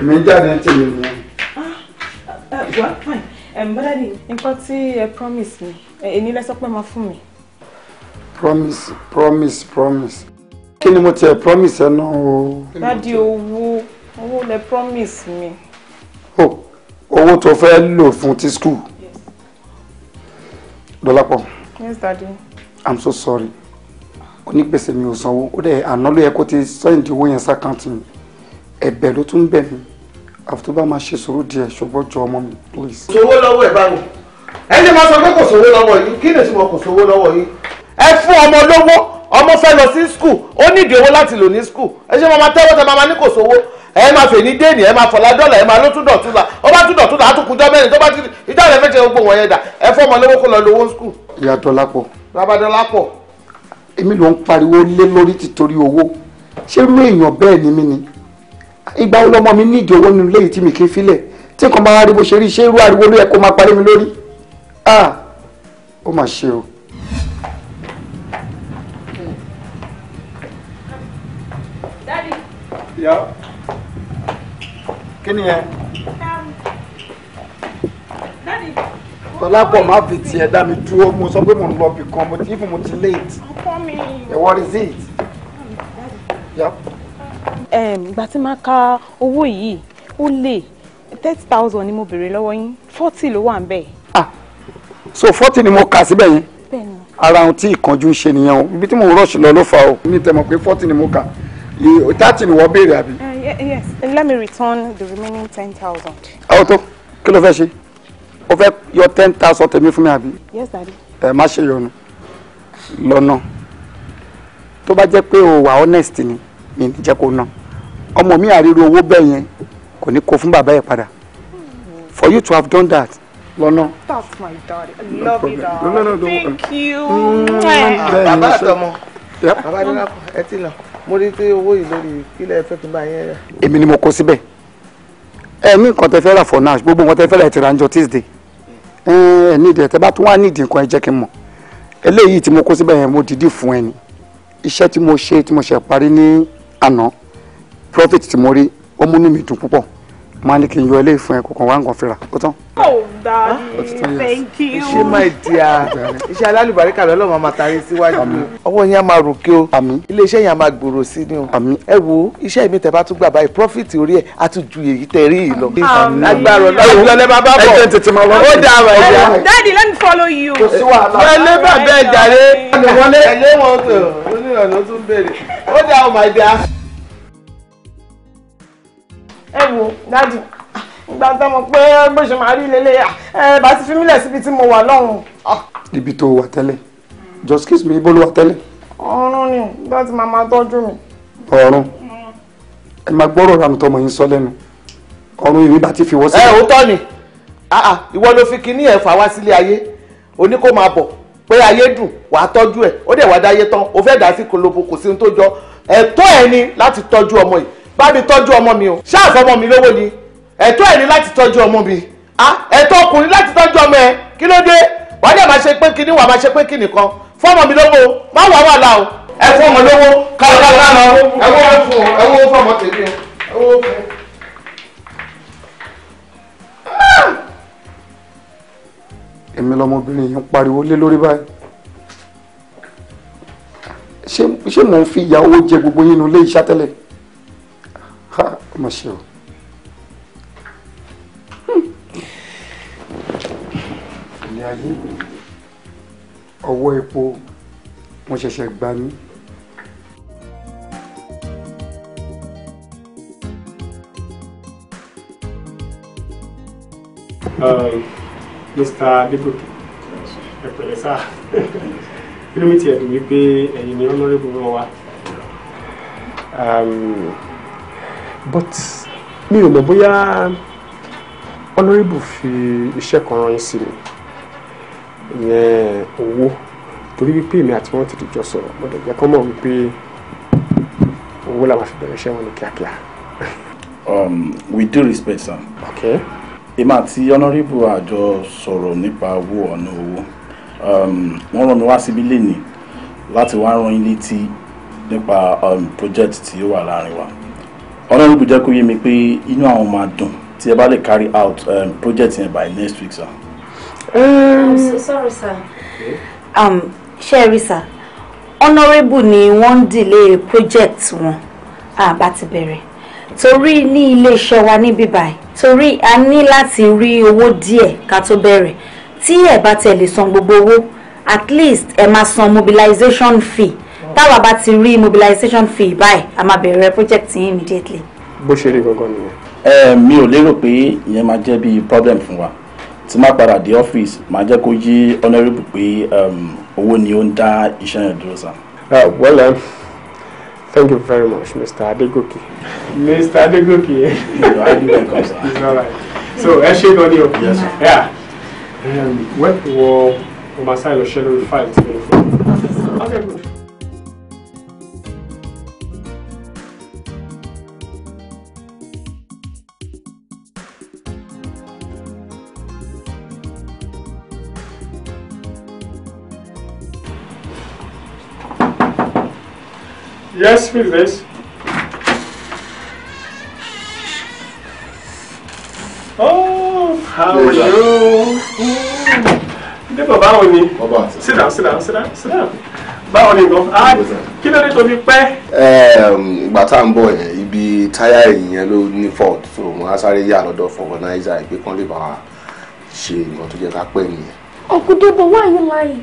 èmi jáde tèmi mu. wà á fine eh, bọ́dá di nǹkan tí ẹ promise mi eh, èmi lẹ sọ pé máa fún mi. promise promise promise kí ni mo tiẹ̀ promise ẹ náà o. dádì owó owó lẹ promise mi. o owó tó fẹ́ lò fún ti school. dọ́lápọ̀. yes daddy. i'm so sorry onígbèsè mi ò sanwó ó dẹ̀ àná ló yẹ kó ti sẹ́yìn di owó yẹn sákàǹtì mi ẹ̀bẹ̀ ló tún bẹ̀ mí àfitó bá máa ṣe sùúrù díẹ̀ ṣùgbọ́n jọ ọmọ mi please. sowó lọ́wọ́ ẹ̀ báwo ẹni máa sọ pé kò sówó lọ́wọ́ yìí kí ni ìtumọ̀ kò sówó lọ́wọ́ yìí. ẹ fún ọmọ lówó ọmọ fẹ́ lọ sí skul ó nídìí owó láti lò ní skul ẹ ṣe máa tẹ́wọ́ tẹ́ máa ní kò sówó ẹ máa fè ní déènì ẹ máa fọlá dọ́là ẹ máa ló tún dọ̀túnla ó bá tún dọ̀túnla á tún kújọ́ mẹ́rin tó bá ti ìjọ rẹ̀ fẹ́ẹ́ ṣe gbogbo wọn yẹn dà ẹ fún ọmọ lówó kó lọ lówó skul. ìyá dọlápọ̀. bàbá dọlápọ̀. èmi ló ń pariwo lé lórí títorí owó ṣé irú èèyàn bẹ́ẹ̀ ni mí ni ìgbà wo lọmọ mi nídìí owó nínú léyìí tí mi kì í filẹ̀ tí nǹkan bá wá rí bó ṣe rí ṣé irú ariwo ló yẹ kó máa parí mi lórí ah ó mà ṣe o. dádì. ìyá kí ni ẹ. Um, dádì tọ́lápọ̀ má fi tiẹ̀ dá mi dúró mo sọ pé mo ń lọ bìkan mo ti fún mo ti late. ọkọ mi. ẹ what is it? Um, yep ìgbà tí máa ka owó yìí ó lè thirty thousand ni mo béèrè lọ́wọ́ yín forty ló wà ń bẹ̀. ah so forty ni mo kà síbẹ̀ yẹn ara ohun tí ìkanjú ń ṣe nìyẹn o ibi tí mo rush lọ ló fa o mi tẹ̀mọ̀ pé forty ni mo kà thirty ni wọ́n béèrè àbí. Eh, yes let me return the remaining ten thousand. àwọn ah, tó kí ló fẹ́ ṣe o fẹ́ yọ ten thousand tèmi fún mi àbí. yes daddy. ẹ má ṣe yọnu lọ́nà tó bá jẹ́ pé o wà honest ni mi ní jẹ́ kó ná ọmọ mi àríro owó bẹ́ẹ̀ yẹn kò ní kó fún bàbá yẹn padà for you to have done that lọ́nà. that's my daddy i love no you dad no, no, no, no, thank you. Mm, bàbá àtọmọ bàbá dín lápò ẹ ti lọ mo rí tí owó yìí lórí kílẹ̀ fẹ́ kí bá yẹn èmi ni mo kó síbẹ̀ ẹ ní nǹkan tẹ fẹ́ rà for now gbogbo nǹkan tẹ fẹ́ rà ẹ ti ra ń tuesday ẹ nídìí ẹ tẹ bá tún wá nídìí nǹkan ẹ jẹ́ kí n mọ̀ eléyìí tí mo kó síbẹ̀ yẹn mo dìídì fún ẹ ni iṣẹ́ tí mo ṣe tí mo ṣe parí ní àná profit tí mo rí ó múnú mi dùn púpọ̀ máa ní kí n yọ ilé ìfún ẹ kọkàn wá nǹkan fira ó tán. oh daddy ah, thank you. my dear iṣẹ́ alálùbáríkà lọ́lọ́mọ máa taari síwájú ọwọ́ yẹn á máa ròkè o iléeṣẹ́ yẹn á máa gbòòrò sí ni o ẹ wo iṣẹ́ mi tẹ́ bá tún gbà báyìí profit orí ẹ̀ á tún ju èyí tẹ́ rí yìí lọ. agbára ọlọ́run lọ́lẹ́ máa bá bọ̀ ó dà wà ẹ̀yà. daddy let me follow you. kò sí wàhálà. wọlé bàbá ẹ̀ jàre. wọlé wọlé wọn tó ẹ wo dájú ìgbà tó mọ̀ pé bó ṣe máa rí lélẹ̀ ẹ bá ti fi mílẹ̀ síbi tí mo wà lọ́hùn-ún. ibi ah, tó wà tẹ́lẹ̀ just kiss me ibo ló wà tẹ́lẹ̀. ọ̀run ni bí wọ́n ti máa máa tọ́jú mi. ọ̀run ẹ máa gbọ́rọ̀ ranu tọmọ yín sọ lẹ́nu ọ̀run ìwé bá ti fi wọ́ sí. ẹ ò tọ́ ni ah, ah, ìwọ ló fi kinní ẹ̀ fà wá sílé ayé oní kó máa bọ̀ pé ayé dùn wàá tọ́jú ẹ̀ ó dẹ̀ wá dáyé tán ó fẹ́ dá sí kolobo kò sí ohun tó jọ ẹ̀tọ́ ẹ ni láti tọ́jú ọmọ yìí bá mi tọ́jú ọmọ mi o ṣáà fọmọ mi lówó ni ẹ̀tọ́ ẹ̀ ní láti tọ́jú ọmọ mi ẹ̀tọ́ ọkùnrin láti tọ́jú ọmọ ẹ kí ló dé wàá dẹ̀ máa ṣe pé kíní wàá máa ṣe pé kíní kan fọmọ mi lówó má wàá wà láà o. ẹ fún ọmọ lówó kárọ̀kárọ̀ lánàá ẹ wọ́n fún ẹ wọ́n fún ọmọ tèmi ẹ wọ́n fún. èmi lọmọbìnrin yìí ń pariwo lé lórí báyìí ṣé mò ń fi ìyàwó jẹ gbogbo yín nínú ilé ìṣátẹ́lẹ̀ ha ọmọ ṣe o. ilé ayé ọwọ́ epo wọ́n ṣẹ̀ṣẹ̀ gbá ní. Um, Mr. Adébòkè ẹ pẹ̀lẹ́ sá kí ló mi tiẹ̀ dùn wípé ẹ̀yin ni honourable wọn wá but mi ò mọ̀ bóyá honourable fi iṣẹ́ kan rán yín sí mi ìyẹn owó torí wípé èmi àti wọn ti dìjọ sọ̀rọ̀ mo dẹ̀ jẹ́ kọ́ mọ̀ wípé owó la máa fi bẹ̀rẹ̀ iṣẹ́ wọn ní kíákíá. um with due respect sir. okay. èmi àti honourable àjọ sọ̀rọ̀ nípa owó ọ̀nà owó um, wọ́n rán mi wá síbí lénìí láti wá rán yín létí nípa um, project tí ó wà láàrin wa ọlọ́run gbọ́dọ̀ jẹ́ kó yé mi pé inú àwọn máa dùn tí ẹ bá lè carry out um, project yẹn by next week sir. Um, so sorry sir. Um, ṣẹ́ẹ̀rì sir honourable ni wọ́n ń delay project wọn àbá ti bẹ̀rẹ̀ torí ní iléeṣẹ́ wa níbí báyìí torí a ní láti rí owó díẹ̀ ká tó bẹ̀rẹ̀ tí ẹ bá tẹ̀ lè san gbogbo owó at least ẹ máa san mobilization fee táwa bá ti rí mobilization fee báyìí a máa bẹ̀rẹ̀ project yín immediately. bó ṣe rí gangan nìyẹn. ẹ mi ò lérò pé ìyẹn máa jẹ́ bíi problem fún wa tí má padà dé ọ́fíìsì máa jẹ́ kó yí honourable pé owó ni ó ń dá iṣẹ́ yẹn dúró sá. well thank you very much mr adegoke. mr adegoke. your argument so ẹ ṣe gan ni o. Yeah. Um, wẹ́pù wọ ọmọ sáyẹn lọ ṣẹlẹ̀ fáìlì tí mo fún. okay Yes, feel this. Oh, how are you? Ndé bàbá wo ni? Sit down, sit down, sit down, sit down. Báwo ni gan? Ah, kí ló dé tó fi pẹ́? Ìgbà tá à ń bọ̀ yẹn, ibi táyà ìyẹn ló ní fault so wọ́n á sáré yà lọ́dọ̀ fọ̀gànáìzà ìpè kan lè bá wa ṣe nǹkan tó jẹ́ ká pẹ́ nìyẹn. Uncle Debo, why are you lying?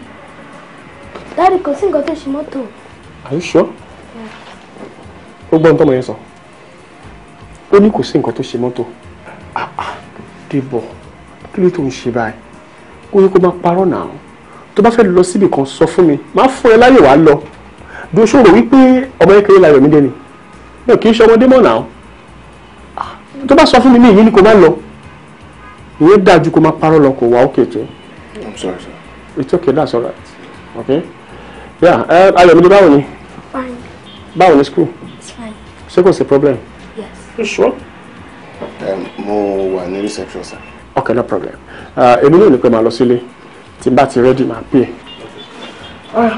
Daddy, kò sí nǹkan tó ṣe mọ́tò. Are you sure? ó gbọ́n tọ́mọ yẹn sọ ó ní kò sí nǹkan tó ṣe mọ́tò ah, ah, dìbò kí ló tó ń ṣe báyìí ó yẹ kó má parọ́ náà tó bá fẹ́ lọ síbì kan sọ fún mi má fún ẹ láyè wá lọ bí o ṣe rò wípé ọmọ yẹn kéré láyọ̀ mí dé ni mi ò kì í ṣe ọmọdé mọ̀ náà ah, tó bá sọ fún mi ní ìyí ni kò má lọ ìyẹn dáa ju kó má parọ́ lọ kò wá òkè tó. I'm sorry sir. It's okay, that's all right. Okay? Yeah, eh, ayọ̀ mi ni báwo ni báwo ni school. it's fine. ṣé kò sí problem. yes. you sure. Um, mo wà ní reception sir. okay no problem uh, èmi náà ní pé màá lọ sílé tí n bá ti ready màá pè é.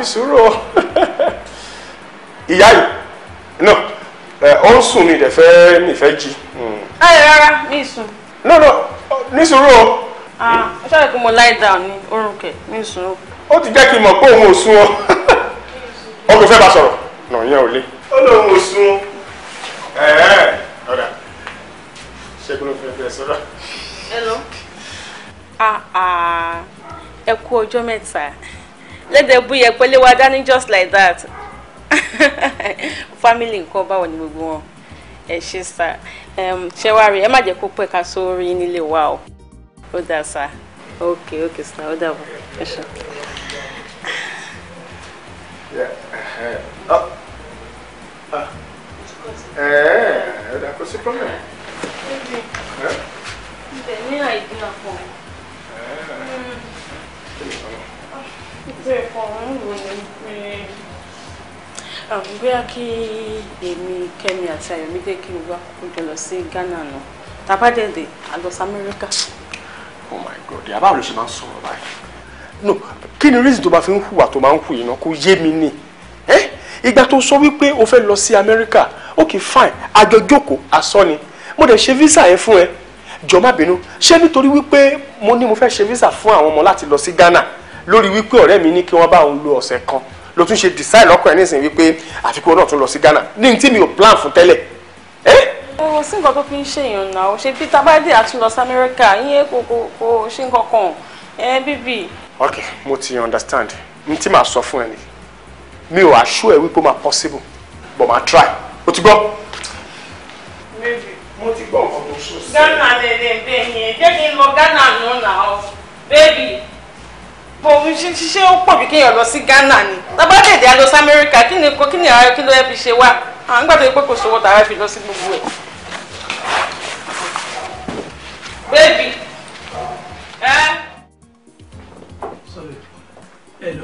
fi sùúrù o ìyá yìí no eh, ó ń sùn ní ìdẹ̀fẹ́ nífẹ̀ jí. ayọ̀ hmm. rárá mi sùn. no no ní sùúrù o. ó ṣàlẹ̀ pé mo lie down ní orun kẹ̀ mi sùn o. ó ti jẹ́ kí n mọ̀ pé òun ò sùn o ó kò fẹ́ bá sọ̀rọ̀ nà yẹn ò lé. ó lóun ò sùn ẹ̀ẹ́ ọ̀dà ṣẹ́gun ló fẹ́ fẹ́ sọ́dọ̀. ẹ lọ. ẹ kú ọjọ́ mẹ́ta lẹ́dẹ̀ bú yẹ pẹ́lẹ́ wa dání just like that family nǹkan báwo ni gbogbo wọn ẹ ṣe sá ṣe wá rí ẹ má jẹ́ kó pẹ́ ká sórí nílé wa o ó dà sá ok ok sá ó dàbọ̀ ẹ ṣe. ẹ̀ẹ́dà eh, eh. oh. eh, kò sí problem. ibẹ̀ ní àìdí àpò. bóyá kí èmi Kẹ́mi àti Ayọ̀mídé kí n wá kójọ lọ sí Ghana náà tàbádẹ́dẹ́ àlọ́sí Amẹ́ríkà. oh my god yàrá báwo ló ṣe máa ń sọ̀rọ̀ báyìí no kí ni reason tó bá fi ń hùwà tó máa ń hù yìí náà kò yé mi ni ìgbà tó sọ wípé o fẹ́ lọ sí Amẹ́ríkà ok fine àjọjókòó asọ́ ni mo dẹ̀ ṣe visa yẹn fún ẹ jọ má bínú ṣé nítorí wípé mo ní mo fẹ́ ṣe visa fún àwọn ọmọ láti lọ sí Ghana lórí wípé ọ̀rẹ́ mi ní kí wọ́n bá òun lo ọ̀sẹ̀ kan ló tún ṣe decide lọ́kàn ẹ̀ nísìnyí wípé àfikún náà tún lọ sí Ghana ní tí mi ò plan fún tẹ́lẹ̀ ẹ́. ọ̀rọ̀ sí nǹkan tó fi ń ṣèyàn náà ó ṣe bí tábàdì àtúnlọ sí Amẹ́ríkà yín kò kò kò ṣe nǹkan kan ẹ ok mo ti understand n tí màá sọ fún ẹ ni mi ò assure ẹ wípé ó possible but màá try o ti gbọ́. mo ti gbọ́ nǹkan tó sọ sí. lè lè bẹ̀yẹn jẹ́ kí n lọ nù náà bọ̀ ṣíṣe ó pọ̀ bí kéèyàn lọ sí Ghana ni taba á lọ sí Amẹ́ríkà kí ni kí ni ààrẹ kí ló yẹ fi ṣe wá à ń gbogbo ẹ̀. bébì sorry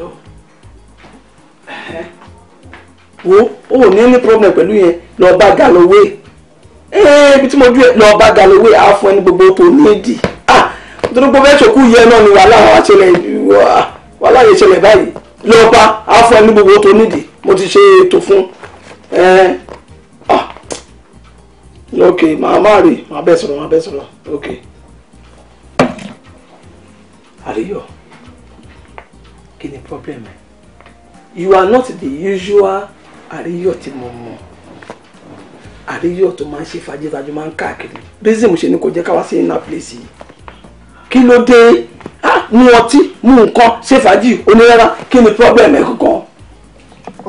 ní ní problem pẹ̀lú yẹn bá Galloway ibi tí mo dúró bá Galloway á fún ẹni gbogbo tó ní ìdí. torí pé fẹ́ẹ́ sòkú yẹ náà ni wàhálà wa ṣẹlẹ̀ wàhálà yẹn ṣẹlẹ̀ báyìí lọ́ọ̀pá àfọ ní gbogbo tó nídìí mo ti ṣe ètò fún ẹ ah ok màá má rè màá bẹ́ẹ̀ sọ̀rọ̀ màá bẹ́ẹ̀ sọ̀rọ̀ ok àríyọ̀ kí ni problem ẹ you are not the usual àríyọ̀ tí mo mọ̀ àríyọ̀ tó máa ń ṣe fàájì tájú máa ń káàkiri reason mo ṣe ni kò jẹ́ ká wá sí iná place yìí kí ló dé mú ọtí mú nǹkan ṣe fàájì onírẹ́rà kí ni problem ẹ̀ kankan.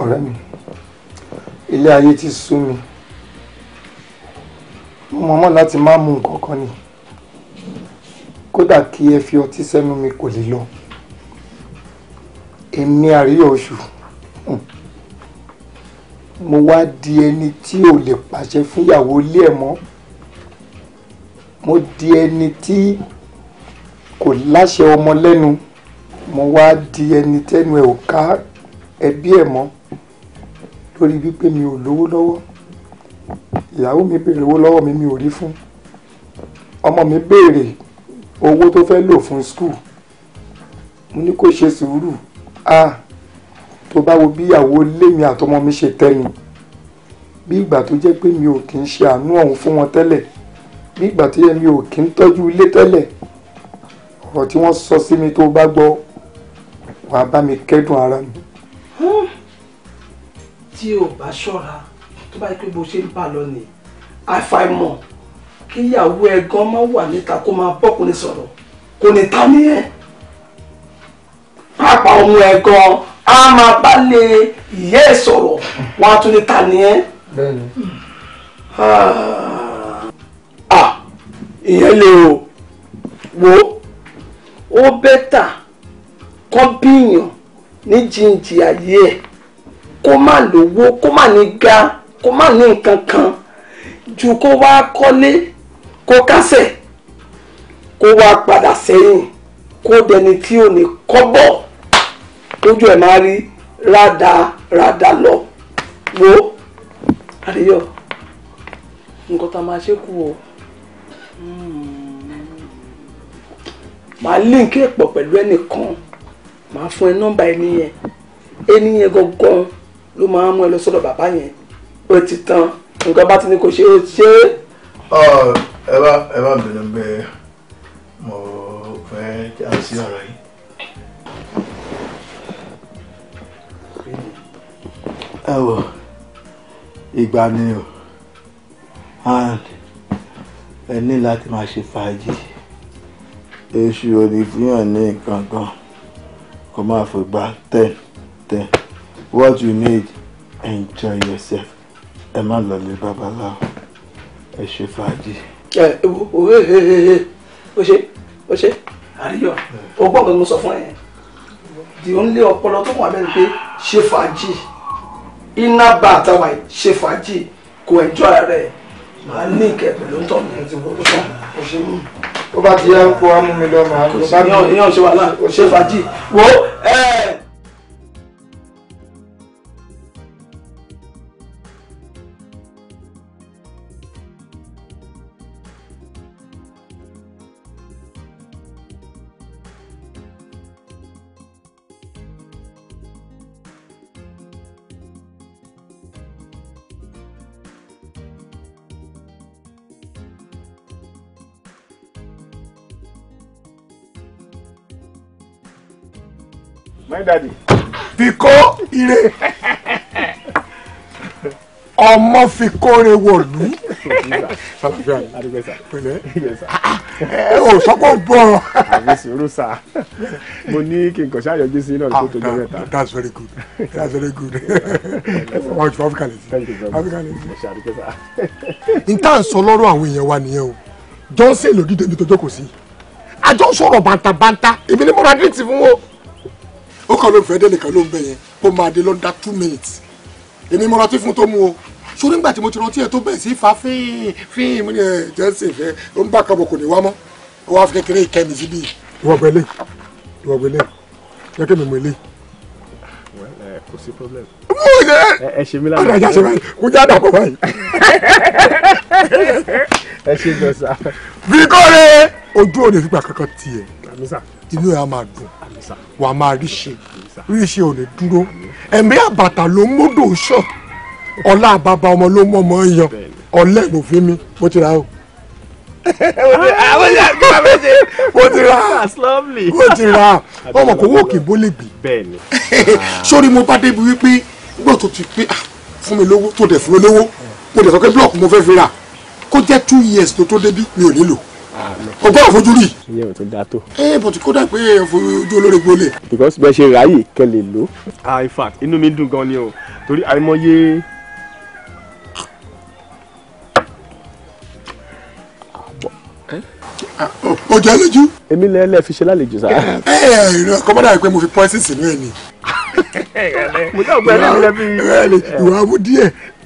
ọ̀rẹ́ mi ilé ayé ti sú mi mo mọ̀mọ́ láti má mú nǹkan kan ni kódà kí ẹ fi ọtí sẹ́nu mi kò lè lọ èmi àríyọ̀ oṣù hmm. mo wá di ẹni tí ò lè pàṣẹ fúnyàwó ilé ẹ̀ mọ́ mo di ẹni tí. Tí kò láṣẹ ọmọ lẹ́nu mo wá di ẹni tẹ́nu ẹ̀ ò ká ẹbí ẹ̀ mọ́ lórí wípé mi ò lówó lọ́wọ́ ìyàwó mi béèrè owó lọ́wọ́ mi mi ò rí fún ọmọ mi béèrè owó tó fẹ́ lò fún skul mo ní kó ṣe sùúrù ah tó bá wo bí ìyàwó lémi àtọmọ mi ṣe tẹ̀yìn bí ìgbà tó jẹ́ pé mi ò kì í ṣe àánú ọ̀hún fún wọn tẹ́lẹ̀ bí ìgbà tó yẹ mi ò kì í tọ́jú ilé tẹ́lẹ̀ ọ̀rọ̀ tí wọ́n sọ sí mi tó bá gbọ́ wàá bá mi kẹ́dùn ara mi. Hmm. tí o bá ṣọ́ra tó bá yẹ pé bó ṣe ń bá lọ ni àfàìmọ̀ kíyàwó ẹ gan máa wà níta kó máa bọ́kùnrin sọ̀rọ̀ kò ní ta ní ẹ pàápàá ọmọ ẹ gan á máa bá lè ìyá ẹ sọ̀rọ̀ wọn á tún ní ta ní ẹ. Ah. ah ìyẹn lè o wo ó bẹ́tà kọ́ bíyàn ní jíǹjì ayé ẹ̀ kó má lówó kó má ní ga kó má ní nǹkan kan ju kó wá kọ́lé kó kásẹ̀ kó wá padà sẹ́yìn kó dẹni tí ò ní kọ́bọ̀ lójú ẹ̀ máa rí rádaràdà lọ wo àríyọ nǹkan tá a máa ṣe kú o. Mm màá líǹkì pọ̀ pẹ̀lú ẹnìkan màá fún ẹ nọ́mbà ẹni yẹn ẹni yẹn gangan ló máa mú ẹ lọ sọ́dọ̀ bàbá yẹn ó ti tán nǹkan bá ti ní kó ṣe é ṣe. ẹ bá ẹ bá bẹ̀rẹ̀ bẹ́ẹ̀ mo fẹ́ kí a sí ọ̀rọ̀ yìí. ẹ wò ìgbà ni o ẹ ní láti máa ṣe fàájì èṣù ò ní fihàn ní nǹkan kan kó má fi gba ten ten what you need enjoy yourself ẹ má lọ lé babaláwo ẹ ṣe fàájì. ẹ ẹ o ṣe o ṣe àríyọ o gbọ́ pé mo sọ fún ẹ di òǹlé ọpọlọ tó wà lẹ́nu pé ṣe fàájì iná bá àtàwà ṣe fàájì kò ẹjọ́ rẹ̀ máa ní ìkẹ́ pẹ̀lú tọ́ mi ti wọ́n tán o ṣe mú ó bá ti yá kó wá mú mi lọ màá lọ bá mi. wàhálà ṣe fàájì wo. my daddy. fiko ire ọmọ fiko re wọlú. ẹ ò sọ bọ̀. àbí sùúrù sá mo ní kí n kàn ṣáà yọjú sí náà kó tó jẹ mẹ́ta. Ah, that's very good that's very good. Thank you very much. lè sí áfíríkà lè sí. n tá à ń sọ lọ́rọ̀ àwọn èèyàn wa nìyẹn o jọ́nsẹ̀ lòdì débi tó jókòó sí i àjọ sọ̀rọ̀ bàǹtàbàǹtà èmi ni mo ra dírìtì fún wọn ó kàn ló ń fẹ́ dẹ́nìkan ló ń bẹ kó máa dé lọ́dá two minutes èmi mo rántí fún tó mu o sórí ńgbà tí mo ti rántí ẹ tó bẹ̀rẹ̀ sí fa fíìn fíìn mo ní ẹ jẹ́sìn fẹ́ ó ń bá kan bọ̀ kò ní wá mọ́ ó wá fi kékeré ìkẹ́mi síbí. ìwọ gbẹlẹ ìwọ gbẹlẹ jẹ kí mi mú ilé. Eh, kò sí problem. mú ilé eh, ẹ ṣe mí lánàá. ọ̀dà ìjà ṣe báyìí kò já dàpọ̀ báyìí. ẹ ṣe jọ sá. bí kò rẹ ojú òde fipá kankan tiẹ̀ inú ẹ̀ á wàá máa rí ṣe rí ṣe ò ní dúró ẹ̀mí àbàtà ló ń módò sàn ọlá àbàbà ọmọ ló mọ̀ mọ́ yan ọlẹ́ ló fi mí mo ti ra o. Ah, mo ti ra mo ti ra ọmọ kò wọ́ọ̀ kì í bì sórí mo bá débi wípé gbọ́ ti pé ah, fún mi lówó tó dẹ̀ fún mi lówó mo dẹ̀ sọ pé búlọ̀kù mo fẹ́ fi rà kó jẹ́ two years tó tó débi mi ò nílò ọgbọ́n àfojú rí. ìyẹn ò tún da tó. ẹ bọ̀ tí kódà pé ojú olóore gbolẹ̀. because bẹ́ẹ̀ ṣe ráàyè kẹlẹ̀ ló. ah in fact inú mi dùn gan ni o torí àìmọye. ọjà ah, lójú. èmi lẹ́lẹ́ fi ṣe lálejò sáà. ẹ ẹ ìrìn kọ́mọ́dà pé mo fi pọ́ẹ́sì sínú ẹ̀ ni. mo dáhùn pé ẹ lẹ́bi lẹ́bi. ìwà abúdíẹ̀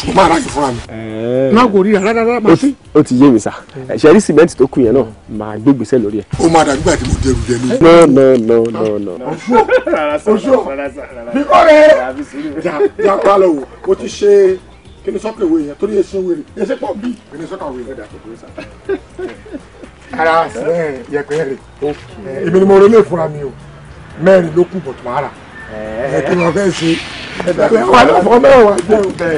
ṣùgbọ́n máa ráyè fúnra mi. náà kò rí rárá rárá máa fi. ó ti yé mi sá ṣe rí sìmẹ́ǹtì tó kù yẹn náà máa gbégbèsè lórí ẹ̀. ó máa dàbí gbàdí mo dẹrù dẹnu. no no no no no. oṣù oṣù bíkọ́ rẹ̀ jà pa lọ wò ó ti ṣe kí ni sọ́kè wo yẹn torí èso wèrè èso pọ̀ bí kí ni sọ́kè wo yẹn dà tó kúrò sá. ara sẹ́ẹ̀ yẹpẹ́ rẹ̀ èmi ni mo relé fúnra mi o mẹ́rin ló kù bọ̀tùmọ́ ara ẹ kí wọn fẹ́ ṣe ẹ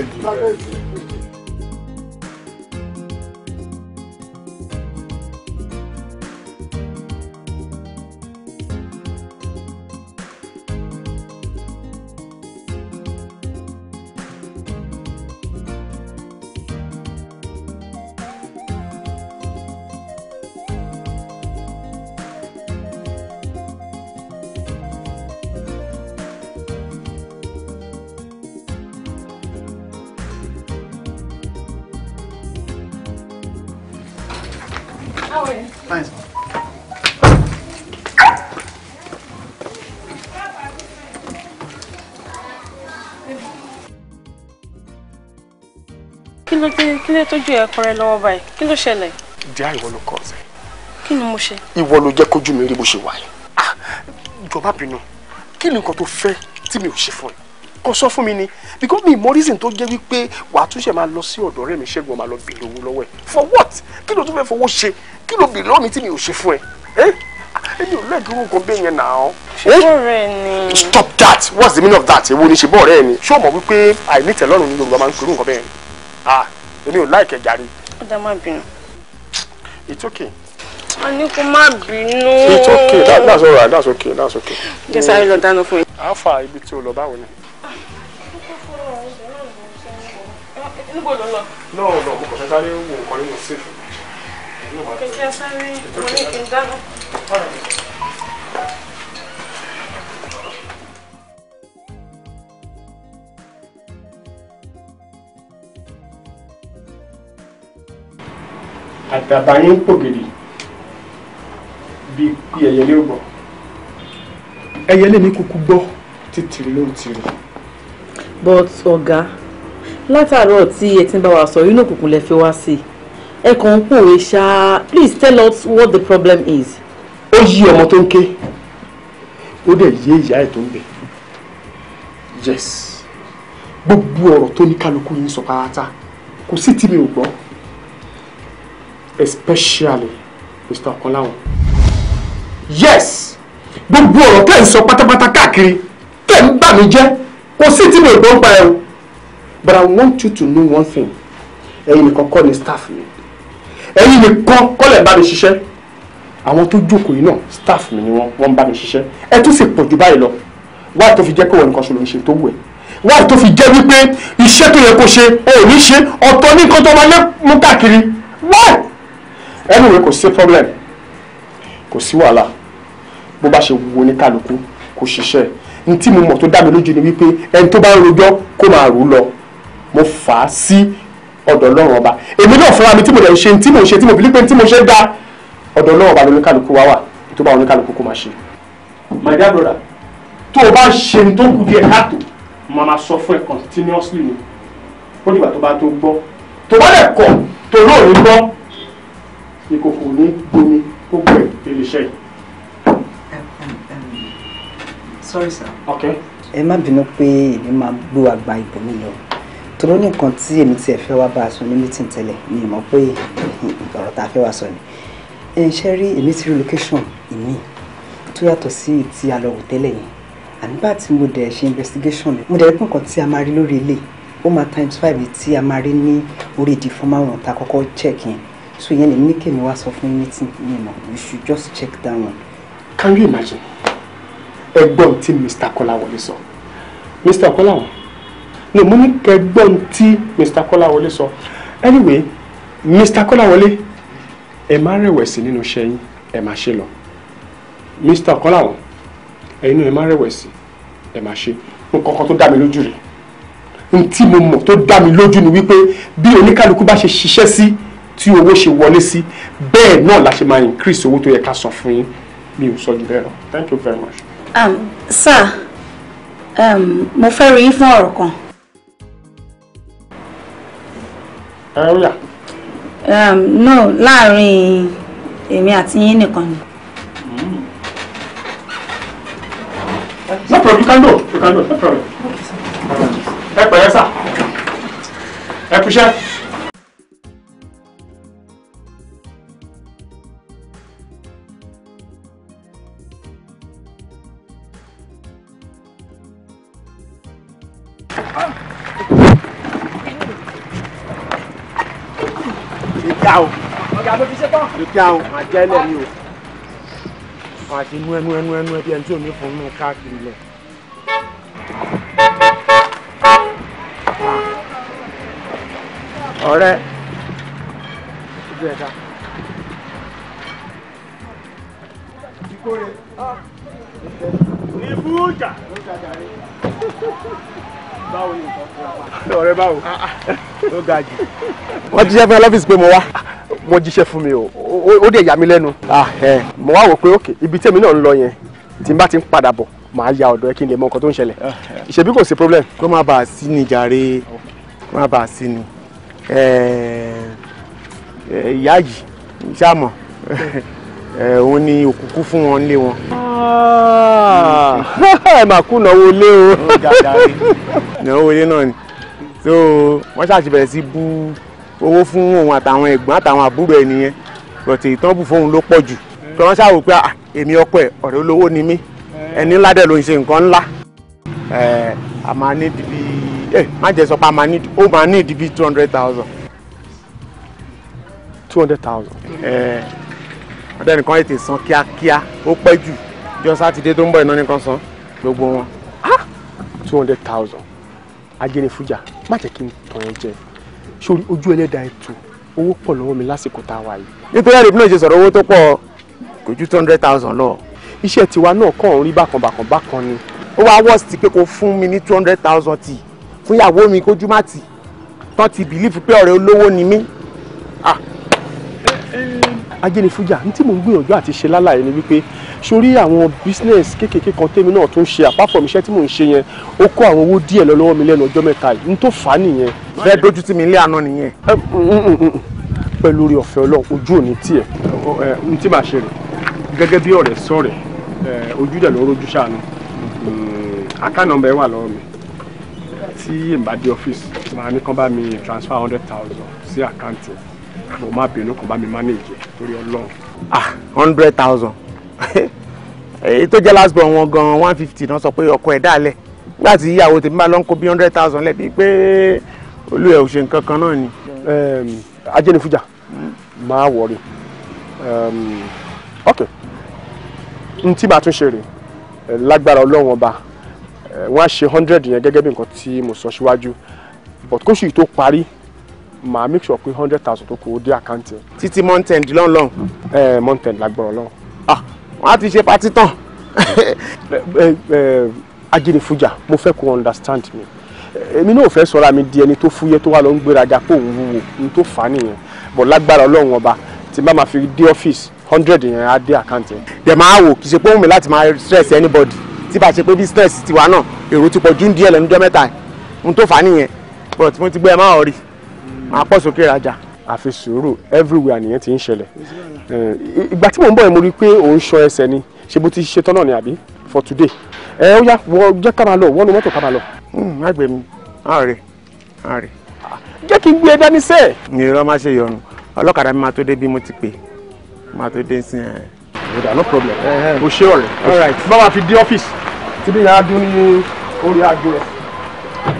dé tójú ẹ kọrẹ lọ́wọ́ báyìí kí ló ṣẹlẹ̀. díà ìwọ ló kọ ọsẹ. kí ni mo ṣe. ìwọ ló jẹ́ kójú mi rí bó ṣe wà yìí. Ah, jọ̀ọ́ bínú kí ni nǹkan tó fẹ́ tí mi ò ṣe fún ẹ kò sọ fún mi ni because mi mọ reason tó jẹ́ wípé wàá túnṣe máa lọ sí ọ̀dọ̀ rẹ̀ mi ṣẹ́gun ọmọ lọ bèrè owó lọ́wọ́ ẹ̀ for what kí ló tún fẹ́ fowó ṣe kí ló bèrè lọ́wọ́ mi tí mi ò ṣe fún ẹ eh? ah, èmi ò lẹ́ẹ̀kí owó kan bẹ́ẹ̀ yẹn nà eh? ọ́. ṣùgbọ́n rẹ ni. stop that what's the meaning of that èwo ni ṣe bọ́ ọ̀rẹ́ ẹ ni ṣé o mọ̀ wípé àìnítẹ̀lọ́rùn ni Yorùbá máa ń pè é nǹkan bẹ́ẹ̀ ni èmi ò láìkẹ́ jàre. ọ̀dà má bínú. it's okay. a ní kó má bínú. it's okay that, that's alright that's okay that's okay. jẹ́ sáré lọ dáná fún yín. how far ibi tí o lọ báwo ni. níbo ló lọ. náà lọ mo kàn fẹ́ sáré wo nínú sífù. kẹ̀kẹ́ sáré mo ní kí n dáná. àdàbà yín pògèdè bíi pí ẹyẹlé ò gbọ́ ẹyẹlé ní kúkú ló ń tìrì. but ọ̀gá látàárọ̀ tí ẹ ti ń bá wa sọ inú òkùnkùn lẹ fi wá sí i ẹ kàn ń pòwe ṣá please tell us what the problem is. ó yí ọmọ tó ń ké ó dẹ̀ yé ìyá ẹ̀ tó ń bẹ̀ yes gbogbo ọ̀rọ̀ tó ní kálukú yín sọ pátá kò sí tí mi ò gbọ́ especially Mr. Olawo. yes gbogbo ọ̀rọ̀ tẹ́ ń sọ pátápátá káàkiri tẹ́ ń bà mí jẹ́ kò sí tí mi ò pa ẹ̀ o but I want you to know one thing ẹ̀yin nìkan kọ́ ni staff mi ẹ̀yin nìkan kọ́ lẹ̀ bá mi ṣiṣẹ́ àwọn tó jókòó yìí náà staff mi ni wọ́n wọ́n ń bá mi ṣiṣẹ́ ẹ tún sì pọ̀ jù báyìí lọ wáyé tó fi jẹ́ pé wọ́n nìkan ṣòro ìṣe tó wù ẹ́ wáyé tó fi jẹ́ wípé iṣẹ́ tó yẹ kó ṣe ò ní ṣe ọ̀tọ̀ ní nǹkan tó máa mú káàkiri wáyé anyway kò sí problem kò sí wàhálà bó bá ṣe wo ní kálukú kò ṣiṣẹ́ ní tí mo mọ̀ tó dá mi lójú ni wípé ẹni tó bá ń rojọ́ kó máa rò lọ mo fà á sí ọ̀dọ̀ ọlọ́run ọba èmi náà fúnra mi tí mo dẹ̀ ṣe tí mo ṣe tí mo bìlí pé tí mo ṣe dá ọ̀dọ̀ ọlọ́run ọba lórí kálukú wá wà tó bá oníkálukú kó máa ṣe. my dear brother tó o bá ṣe ní tó kù díẹ̀ káàtó mo máa sọ fún ẹ continuously ni ó dìgbà tó bá tó gbọ́ tó bá lẹ̀ kọ̀ tó lóòrè gbọ́ ìkòkò ní gbomi ó pẹ̀ lè ṣe. Um, um, um, sorry sir. okay. ẹ má bínú pé èmi máa gbó àgbà ìbò mi lọ tòró nìkan tí èmi tiẹ̀ fẹ́ wá bá a sọ ní mítìn tẹ́lẹ̀ mi mọ̀ pé ọ̀rọ̀ tá a fẹ́ wá sọ ni ẹ ń ṣe rí èmi ti rí location èmi tó yàtọ̀ sí ti alọ́wọ̀ tẹ́lẹ̀ yẹn àníbà tí mo dẹ̀ ṣe investigation mi mo dẹ̀ rí pé nǹkan tí a máa rí lórí ilé ó máa times five tí a máa rí ní orí ìdí fún máwọn tá a kọ́kọ́ check yẹn so yẹn lè ní kèmí wá sọ fún meeting yìí mọ you should just check that one. can you imagine ẹgbọ́n tí mr kọ́láwọlé sọ mr kọ́láwọlé no mo ní ẹgbọ́n tí mr kọ́láwọlé sọ anyway mr kọ́láwọlé ẹ má rẹ̀wẹ̀sì nínú iṣẹ́ yín ẹ má ṣe lọ mr kọ́láwọlé ẹ̀yin náà ẹ má rẹ̀wẹ̀sì ẹ má ṣe nǹkan kan tó dá mi lójú rẹ̀ n tí mo mọ̀ tó dá mi lójú ni wípé bí oníkálukú bá ṣe ṣiṣẹ́ sí. Si, tí owó ṣe wọlé sí bẹ́ẹ̀ náà la ṣe máa increase owó tó yẹ ká san fún yín mi ò sọ jù bẹ́ẹ̀ lọ thank you very much. Um, sir um, mo fẹ́ rí yín fún ọ̀rọ̀ kan. ẹ ó yà. Um, no láàrin èmi àti yín nìkan ni. Mm-hmm. no problem you can go you can go no problem. ẹ pẹ̀lẹ́ sà ẹ kúṣẹ́. dúkìá o dúkìá o máa jẹ́ ilẹ̀ mi o wà á ti nú ẹnu ẹnu ẹnu ẹbí ẹni tí ò ní fún un káàkiri lọ. Ah. ọ̀rẹ́ ojú ẹ̀ka. ìkórè ní ah. bújà. báwo ni nǹkan fún ọ̀rẹ́ báwo ló ah, ah. ga jù. wọ́n jíṣẹ́ fún ẹlẹ́fíìsì pé mo wá wọ́n jíṣẹ́ fún mi o ó dẹ̀ yà mí lẹ́nu ah, mo wá wò pé òkè ibi tèmi náà ń lọ yẹn tí n bá ti ń padà bọ̀ màá ya ọ̀dọ̀ ẹ kí n lè mọ nǹkan tó ń ṣẹlẹ̀ ìṣèbí kò sí problem. kó má bàa sí ni jàre kó má bàa sí ni ìyá yìí ṣáàmọ̀ òun ni òkùnkùn fún wọn lé wọn. ẹ mà kùnà wo lé o ìnáwó ilé náà ni so wọ́n ṣàṣì bẹ̀rẹ̀ sí bú owó fún òun àtàwọn ẹ̀gbọ́n àtàwọn àbúrò ẹ̀ nìyẹn bọ̀tẹ̀ ìtàn bù fóun ló pọ̀ jù tí wọ́n ṣàwò pé ah, èmi ọkọ ẹ̀ ọ̀rẹ́ olówó ni mí ẹni ńlá dẹ̀ ló ń ṣe nǹkan ńlá ẹ̀ a máa ní ibi ẹ̀ má jẹ́ sọ pé a máa ní ó máa ní ibi two hundred thousand two hundred thousand ẹ̀ ọ̀dẹ́ nìkan ètè san kíákíá ó pẹ́ jù jọ sátidé tó ń bọ̀ iná nìkan san gbogbo wọn ah, two hundred thousand ajẹnifújà má jẹ́ kí n tàn ẹ́ jẹ sórí ojú ẹlẹ́dàá ètò owó pọ̀ lọ́wọ́ mi lásìkò tá a wà yìí. nítorí àdébí náà ṣe sọ̀rọ̀ owó tó pọ̀ kò ju two hundred thousand lọ. iṣẹ́ tiwa náà kàn ń rí bákan bákan bákan ni. ó wá wọ́ọ̀sì ti pé kó fún mi ní two hundred thousand tì fún ìyàwó mi kójú má tì tán ti bìlífù pé ọ̀rẹ́ olówó ni mí ajẹnifujà ní tí mò ń gbìyànjú àti ṣe lálàyé ni wípé sórí àwọn business kéékèèké kan tèmi náà tó ń ṣe àpapọ̀ iṣẹ́ tí mò ń ṣe yẹn ó kó àwọn owó díẹ̀ lọ lọ́wọ́ mi lẹ́nu ọjọ́ mẹ́ta yìí ní tó fà á nìyẹn. bẹ́ẹ̀ dojú tì mí ilé àná nìyẹn. pẹ̀lú orí ọ̀fẹ́ ọlọ́run ojú ò ní tiẹ̀ n tí màá ṣe rè gẹ́gẹ́ bí ọ̀rẹ́ sọ̀rẹ́ ojú dẹ̀ ló rojú ṣàánú àká nọ́mbà ẹ wà lọ́wọ́ mi tí èmi dé ọ́fíìsì màá ní kán bá mi transfer hundred thousand sí àkáǹtì mo má bínú kàn bá mi manage torí ọlọ́run. ah hundred thousand èyí tó jẹ́ last born wọn gan one fifty náà sọ pé ọkọ ẹ̀ dálẹ̀ nígbà tí ìyàwó tèmi máa lọ ń kó bí hundred thousand lẹ́bi pé olú ẹ̀ ò ṣe nǹkan kan náà ni. ajẹ́nifújà máa wọ̀rí ok n tí màá tún ṣe rè lágbára ọlọ́run ọba wọ́n á ṣe hundred yẹn gẹ́gẹ́ bí nǹkan tí mo sọ síwájú but kóṣù yìí tó parí màá make sure pé hundred thousand tó kù ó dé àkáǹtì ẹ. títí mọ́ntẹ́ǹdì lọ́nlọ́n. ẹ mm. eh, mọ́ntẹ́ǹdì lágbọ́rọ̀ lọ́n. Ah, wọ́n á ti ṣe patí tán. ajínifújà eh, eh, mo fẹ́ kó understand mi èmi náà fẹ́ sọ̀rọ̀ mi di ẹni tó fúyẹ́ tó wà ló ń gbéraga pé òun wúwo ní tó fà á nìyẹn bọ̀ lágbára ọlọ́run ọba tí bá máa fi dé ọ́fíìsì hundred yẹn á dé àkáǹtì yẹn. dẹ̀ máa wò kì í ṣe pé òun mi láti máa stress anybody tí bá ṣe pé business tiwa náà èrò ti pọ̀ jù díẹ̀ lẹ́nu jọ́ mẹ́ta n tó fà á nìyẹn bọ̀ tí mo ti gbé ẹ máa rí i máa pọ̀ sókè rajà àfi sùúrù everywhere nìyẹn ti ń ṣẹlẹ̀ eh, ìgbà tí mò ń bọ̀ yẹn mo rí i pé òun ṣọ ẹsẹ̀ ni ṣe bó ti ṣe tán náà ni àbí for today ẹ eh, ó yá wọ jẹ́ ká máa lọ wọ́n nu mọ́tò ká máa lọ. àgbẹ̀ hmm, mi àárẹ̀ àárẹ̀. jẹ́ kí n gbé e dání sẹ́ẹ̀. mi ò rọ má ṣe yọnu ọlọ́kadà mi máa tó dé bí mo ti pè máa tó dé sí ẹ. Eh. ìdá no problem o ṣe ọ̀rẹ́ bá wa fi dé ọ́fíìsì tí bí yàrá dún ní orí aago rẹ̀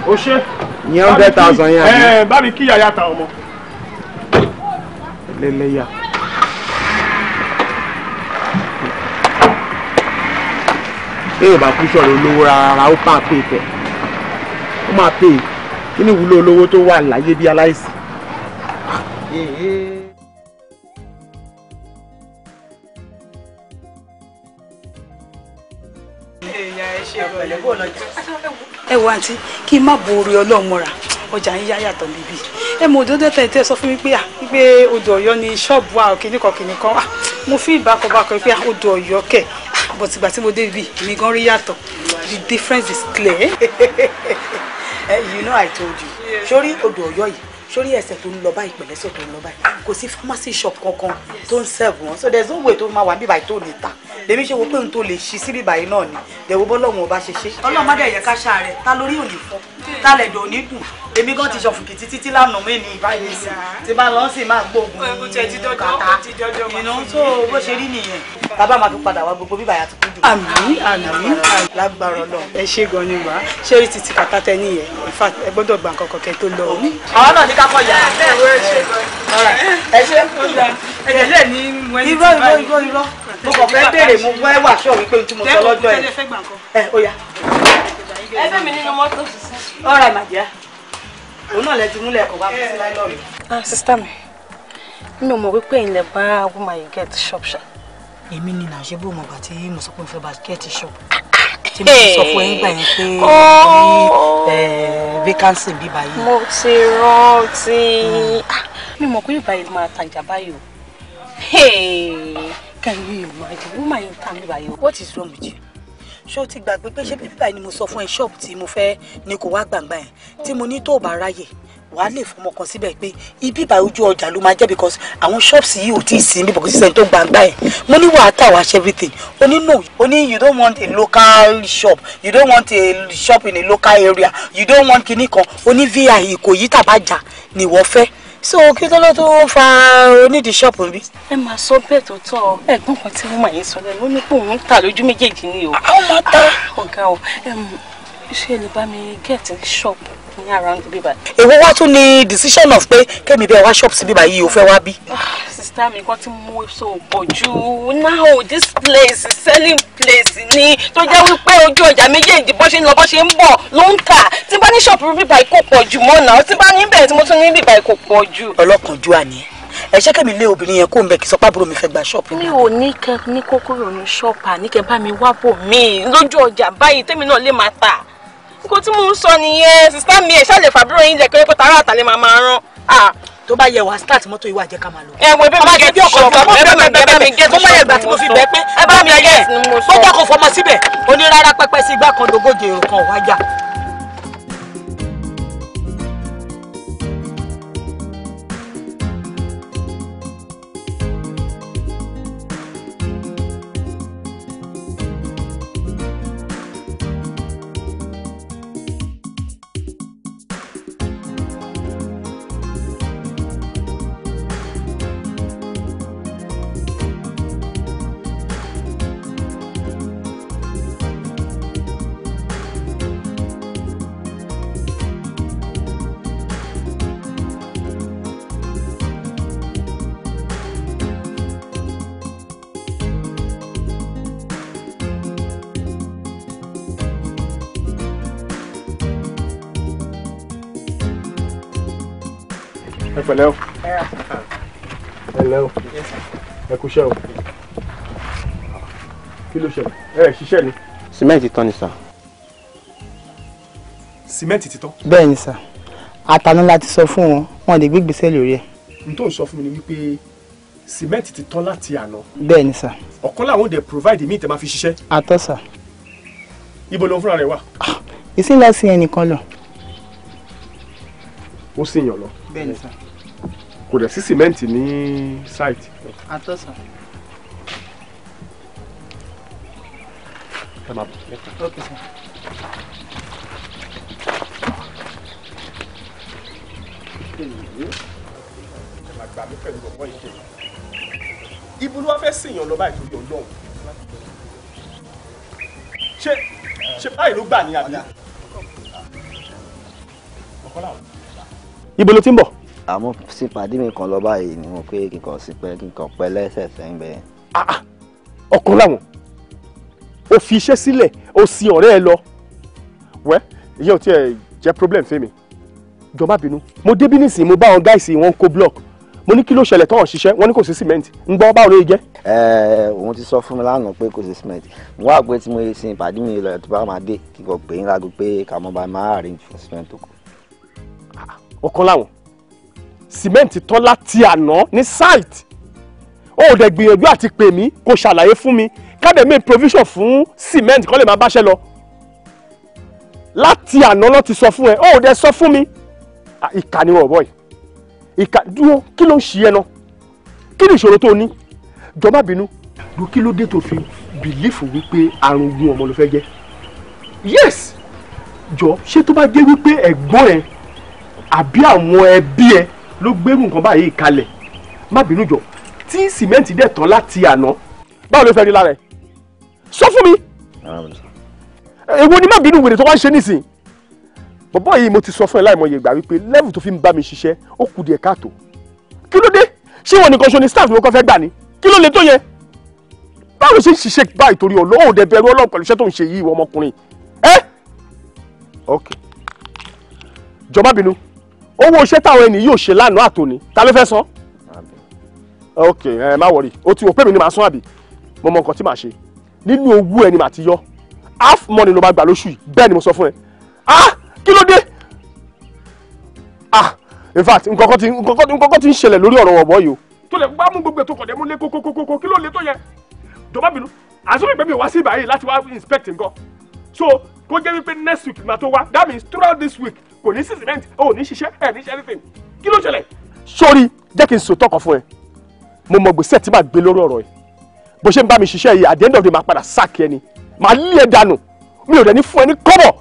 o ṣe. ní hundred thousand yẹn. ẹ bá mi kí yàyà ta ọmọ. lẹ́lẹ́yà. èèyàn bá kú sọ̀rọ̀ olówó rárá ó máa pè tẹ̀ ó máa pè kí ni ìwúlò olówó tó wà láyé bí aláìsí. èèyàn ẹ ṣe ọ̀pẹ̀lẹ̀ bó lọ jẹ́ ẹ wo àǹtí kí n má bo orí ọjà ń yá yàtọ̀ níbí ẹ mọ òdodo tẹ̀ tẹ́ sọ fún mi pé à pé odò ọ̀yọ́ ni ṣọ́ọ̀bù àwọn kìnnìkan kìnnìkan wà mo fi ìbákọ̀bákọ̀ pé odò ọ̀yọ́ kẹ̀ but ìgbà tí mo dé ibi mi gan rí yàtọ̀ the difference is clear. Eh, you know i told you sórí odò ọ̀yọ́ yìí sórí ẹsẹ̀ tó ń lọ báyìí pẹ̀lẹ́sẹ̀ tó ń lọ báyìí kò sí pharmacy shop kankan tó ń serve wọn so there's no way tó máa wà bíbáyìí tó lè ta lèmi ṣe wo pé n tó lè ṣí sí bíbáyìí náà ni dẹ̀wọ́ bọ́lọ́hún ọba ṣe ṣe ọlọ́mọdé ẹ̀yẹ ká ṣáà rẹ̀ ta lórí òní fọ́ lálẹ́ dò ní kù èmi gan ti ṣọ̀fùkì títí tí lánàá mi ní ìbáyé sí ti bá lọ sí máa gbóògùn kàtà ìná tó bó ṣe rí nìyẹn bàbá máa tún padà wá gbogbo bíbà yàtọ̀ kúndùn. àmín àmín lágbára lọ ẹ ṣe gan ni wá ṣé orí ti kàtà tẹ nìyẹn ẹ gbọ́dọ̀ gbà nǹkan kọ̀ọ̀kẹ́ tó lọ. àwọn náà ní ká kọ yà ẹ ṣe ẹ ṣe ní irọ́ irọ́ irọ́ irọ́ mo kàn fẹ́ béèrè mo fẹ́ wà ṣọ́ọ̀ wípé mo sọ lọ́jọ́ ẹgbẹ́ mi nínú mọ́tò. all right my dear òun náà lẹ ti múlẹ̀ ẹ̀kọ́ wá fún sílẹ̀ lọ́rùn. ah sista mi mi ò mọ̀ wípé ilẹ̀ bá woman you get shop ṣá. èmi ni nà ṣe bó mo gbà tí mo sọ pé mo fẹ́ bá get shop tí mo eh. sọ fún yín gbà yẹn pé oh. ní eh, vacancy bí báyìí. mo ti rántí hmm. ah, mi mọ̀ pé ìgbà yìí máa tajà báyìí o. can you imagine woman yìí ń tàn mí báyìí o what is wrong with you ṣé o ti gbàgbé pé ṣé bíbá ni mo sọ fún ẹ ṣọ́ọ̀bù tí mo fẹ́ ni kò wá gbàngbà yẹn tí mo ní tó o bá ráyè wà á lè fọmọ kan síbẹ̀ pé ibi ìbá ojú ọjà ló máa jẹ́ because àwọn ṣọ́ọ̀bù yìí ò tí ì sí níbi kò sí sẹ́ni tó gbàngbà yẹn mo ní wàá tà wá ṣe everything o ní no o ní you don't want a local shop you don't want a shop in a local area you don't want kinní kan o ní vi ìkòyí tàbájà nìwọ fẹ́ so kí tó ló tó fa onídìí ṣọ́ọ̀pù bí. ẹ máa sọ bẹ́ẹ̀ tó tọ́ ọ ẹ̀gbọ́n kan tí wọ́n máa yẹn sọ lẹ́nu ó ní pé òun ń tà lójú méjèèjì ni o. ó máa ta. Ah, ọ̀gá o ṣé ẹ lè bá mi get shop ní around bíbá. èwo wá tún ni decision of pé kẹ́mi bẹ́ẹ̀ wá shop sí bíbá yìí o fẹ́ wá bí. Ah, sista mi kan ti mú so pọ̀ jù now this place selling place ni tó jẹ́ wípé ojú ọjà méjèèjì bó ṣe ń lọ bó ṣe ń bọ̀ ló ń tà tí bá ní shop bíbá yìí kò pọ̀ jù mọ́ náà tí bá ní bẹ̀rẹ̀ tí mo tún ní bíbá yìí kò pọ̀ jù. ọlọ́kànjú àníyàn ẹṣẹ kẹmi lé obìnrin yẹn kó ń bẹ kí sọpá àbúrò mi fẹ́ gba ṣọọpù. mi ò ní kẹ ní kókóró ní ṣọọpù àníkẹ bá mi wá bò mí lójú ọjà báyìí tèmi náà lè máa tà nǹkan tí mò ń sọ nìyẹn sista mi ẹ̀ ṣàlẹ̀ fàbúrò yín lẹ̀ kéré kó tara àtàlẹ́ máa máa rán tó bá yẹ wá start mọ́tò ìwà jẹ́ ká máa lọ. ẹ wo ẹ bẹ mi gẹ́tì ṣọ̀bù ẹ bẹ mi gẹ́tì ṣọ̀bù ẹ bẹ mi gẹ́tì ṣọ̀bù mo mọ ẹgbà tí mo fi bẹ́ẹ̀ pé ẹ bá mi ẹyẹ gbọ́dọ̀ kò fọmọ síbẹ̀ onírárá pẹ́pẹ́ sí igbá kan dogóje kan wájà pẹ̀lẹ́ o pẹ̀lẹ́ o ẹ kú iṣẹ́ o kí ló ṣẹlẹ̀ ẹ ṣiṣẹ́ ni. sìmẹ́ǹtì tán ni sà. sìmẹ́ǹtì ti tán. bẹ́ẹ̀ ni sà àtàná láti sọ fún wọn wọn lè gbégbèsè lórí ẹ. n tó ń sọ fún mi ni wípé sìmẹ́ǹtì ti tán láti àná. bẹ́ẹ̀ provide mi tẹ̀ máa fi ṣiṣẹ́. àtọ́ sà. ibo ló lewa. Isso não wà. Ah, ìsìn lọ O senhor, lọ. ó sì kò dẹ̀ sí sìmẹ́ǹtì ní site. àtọ́sà. ẹ máa bọ̀. ok sir. ibu ló wá fẹ́ sìn yàn lọ báyìí torí ọlọ́run ṣé ṣé báyìí ló gbà ní àbí. ibo ló ti ń bọ̀ àmọ́ sí pàdé mi kan lọ báyìí ni mo pé kíkan sí pé kíkan pẹ́ lẹ́sẹ̀ sẹ́yìn bẹ́ẹ̀. Ah, ah, ọkàn làwọn o fi iṣẹ́ sílẹ̀ ó sin ọ̀rẹ́ ẹ lọ wẹ́ ìyẹn ò tiẹ̀ jẹ́ problem fẹ́mi jọ̀ọ́ má bínú mo débí nísìnyí mo bá àwọn gáìsì wọn kó block mo ní kí ló ṣẹlẹ̀ tọ́wọ̀n ṣiṣẹ́ wọ́n ní kò sí cement ń gbọ́ báwo ló yẹ jẹ́. ẹ ẹ òun ti sọ fún mi lánàá pé kò sí cement wọn àgbẹ tí mo yẹ sin ìpàdé mi lọ tó bá máa dé kíkọ pé ńlá gbé pé kàmọ́ bá máa arrange fún cement tó kù. Ah, ọkàn làwọn sìmẹ́ǹtì tola ti àná ní site ó dẹ̀ gbìyànjú àti pe mi ko ṣàlàyé fún mi káde mi provision fún sìmẹ́ǹtì kó lè máa báṣẹ́ lọ láti àná ló ti sọ fún ẹ ó dẹ̀ sọ fún mi ah, ìkà ni wọ̀ bọ́ì ìkà dúró kí ló ń ṣe ẹ ni ìṣòro tó ní jọ̀ọ́ má bínú. lu kí ló dé tó fi bìlífù wípé àrùn ogun ọmọ ló fẹ́ jẹ́ yes jọ̀ọ́ ṣé tó bá jẹ́ wípé ẹ̀gbọ́n ẹ àbí àwọn ẹbí ẹ ló gbérù nǹkan báyìí kalẹ̀ má bínú jọ tí sìmẹ́ǹtì dẹ̀ tán láti àná báwo ló fẹ́ rí lára ẹ̀ sọ fún mi èwo ni má bínú wèrè tó wá ń ṣe nísìn bọ̀bọ̀ yìí mo ti sọ fún ẹ láìmọye ìgbà wípé level tó fi ń bá mi ṣiṣẹ́ ó kù díẹ̀ káàtó kí ló dé ṣé wọn nìkan ṣo ni staff ló kọ́ fẹ́ gbà ní kí ló lè tó yẹn báwo ló ṣe ń ṣiṣẹ́ báyìí torí ọlọ́wọ́ òde bẹ̀rù ọlọ́wọ́ pẹ̀lú iṣẹ́ tó ń ṣe yìí ọmọkùnrin ẹ́ ok jọ̀ọ́ bínú owó iṣẹ́ táwọn ẹni yóò ṣe lánàá àtòní ta ló fẹ́ san. ok ẹ má wọrí o ti wò pé mi ni màá san àbí mo mọ nǹkan tí màá ṣe nínú owó ẹni màá ti yọ half money ló máa gbà lóṣù yìí bẹ́ẹ̀ ni mo sọ fún ẹ ah kí ló dé ah in fact nǹkan kan ti nǹkan kan ti ń ṣẹlẹ̀ lórí ọ̀rọ̀ ọ̀bọ yìí o. tó lè gbá mú gbogbo ètò kọ̀dẹ́ mú lé kókókókó kí ló lè tó yẹ jọba bínú àṣọ ìgbẹ́ mi ò wá sí ìbàyè láti wá inspect nǹkan so kó jẹ́ wípé next week màá tó wá that means throughout this week kò ní sí cement o ò ní ṣiṣẹ́ ẹ̀ ní ṣe anything kí ló ṣẹlẹ̀. sórí jẹ́ kí n sòótọ́ kan fún ẹ mo mọ gbèsè tí màá gbé lórí ọ̀rọ̀ yìí bó ṣe ń bá mi ṣiṣẹ́ yìí at the end of the day máa padà sáàkì ẹni máa lé ẹ dànù mi ò dẹ̀ ní fún ẹ ní kọ́bọ̀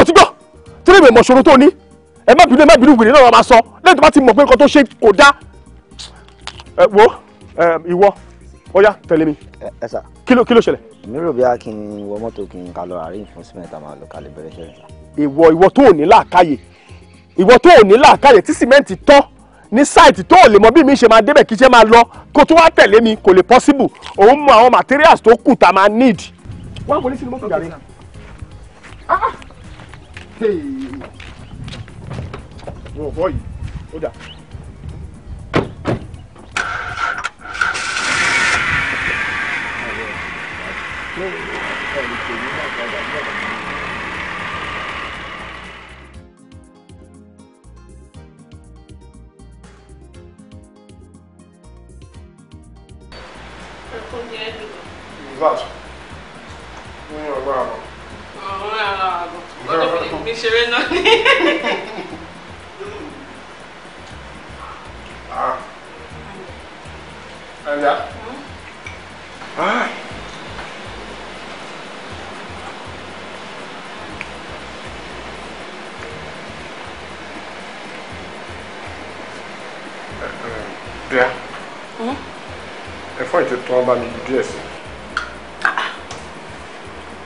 o ti gbọ́ tílé mi mọ̀ ṣòro tó ní ẹ má bínú ẹ má bínú wèrè náà máa sọ lẹ́yìn tó bá ti mọ̀ pé nǹkan tó ṣe kò dá ẹ wo ìwọ ọyá tẹ̀lé mi ẹ sà kí ló ṣẹlẹ̀. mi rò bí a kì í wọ mọ́tò kì í kà lọ àárín fún símẹ́ǹtì àmàlùkà lè bẹ̀rẹ̀ ṣẹlẹ̀ sà ìwọ ìwọ tó ò ní làákàyè ìwọ tó ò ní làákàyè tí sìmẹ́ǹtì tọ́ ní sáìtì tó ò lè mọ bí mi ṣe máa débẹ̀ kí ṣe máa lọ kó tó wá tẹ̀lé mi kò lè possible òun mọ àwọn materials tó kù tá a máa need. wọ́n wọlé sínú mọ́tò gàrí. wọn ò bọ́ yìí ó dà. Thank you. oúnjẹ dùn. Zat, mo ní Mm-hmm ẹ̀fọ́ ètò tó wọn bá mi ju díẹ̀ sí.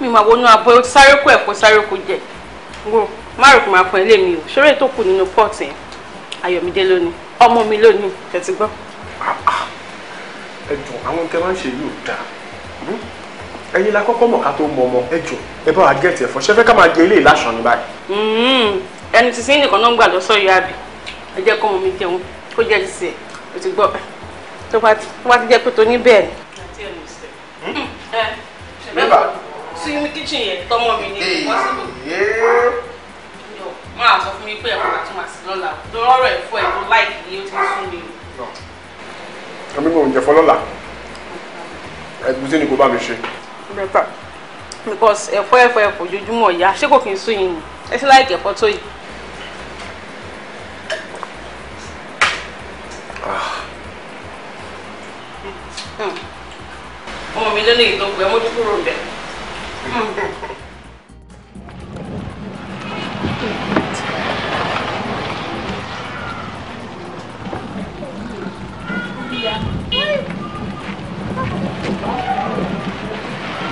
mi máa wọnú abọ́ ó ti sáré kó ẹ̀kọ́ sáré kó jẹ wo márùn kò máa pọ̀ ilé mi o ṣeré tó kù nínú pọ́ọ̀tì yẹn ayọ̀mídé lónìí ọmọ mi lónìí tẹ̀sí gbọ́. ẹ jọ àwọn tẹ máa ń ṣe yóò dáa ẹyin la kọ́kọ́ mọ̀ ká tó mọ ọmọ ẹ jọ ẹ bá wa gẹ̀ẹ́tì ẹ̀fọ́ ṣẹ́fẹ́ ká máa jẹ ilé ìlàsàn ní báyìí. Hmm, ẹnu sísìn nìkan náà ń gbà lọ́sọ̀ọ́ yá àbí ẹ jẹ́ kọ́ ọmọ mi jẹun kó jẹ́ ti sè é o ti gbọ́ tó bá ti jẹ́ pé tó ní bẹ́ẹ̀ ni. mẹ́fà sí mi kíchìn yẹn tọmọ mi ní pọ́sibú. máa sọ fún mi pé ẹ̀kọ́ àti màsí lọ́la tó rọrọ̀ ẹ̀fọ́ ẹ̀ tó láìkì ni ó ti sún mi. àmì mi ò ń jẹ fọlọ́la ẹ̀gúsí ni kò bá mi ṣe. because ẹ̀fọ́ ẹ̀fọ́ ẹ̀fọ́ ojoojúmọ́ ìyá ṣé kò kí n sún yín ni ẹ ti láìkì ẹ̀fọ́ tó yìí. ilé ìtọ́gbẹ́ mo ti kúrò bẹ̀.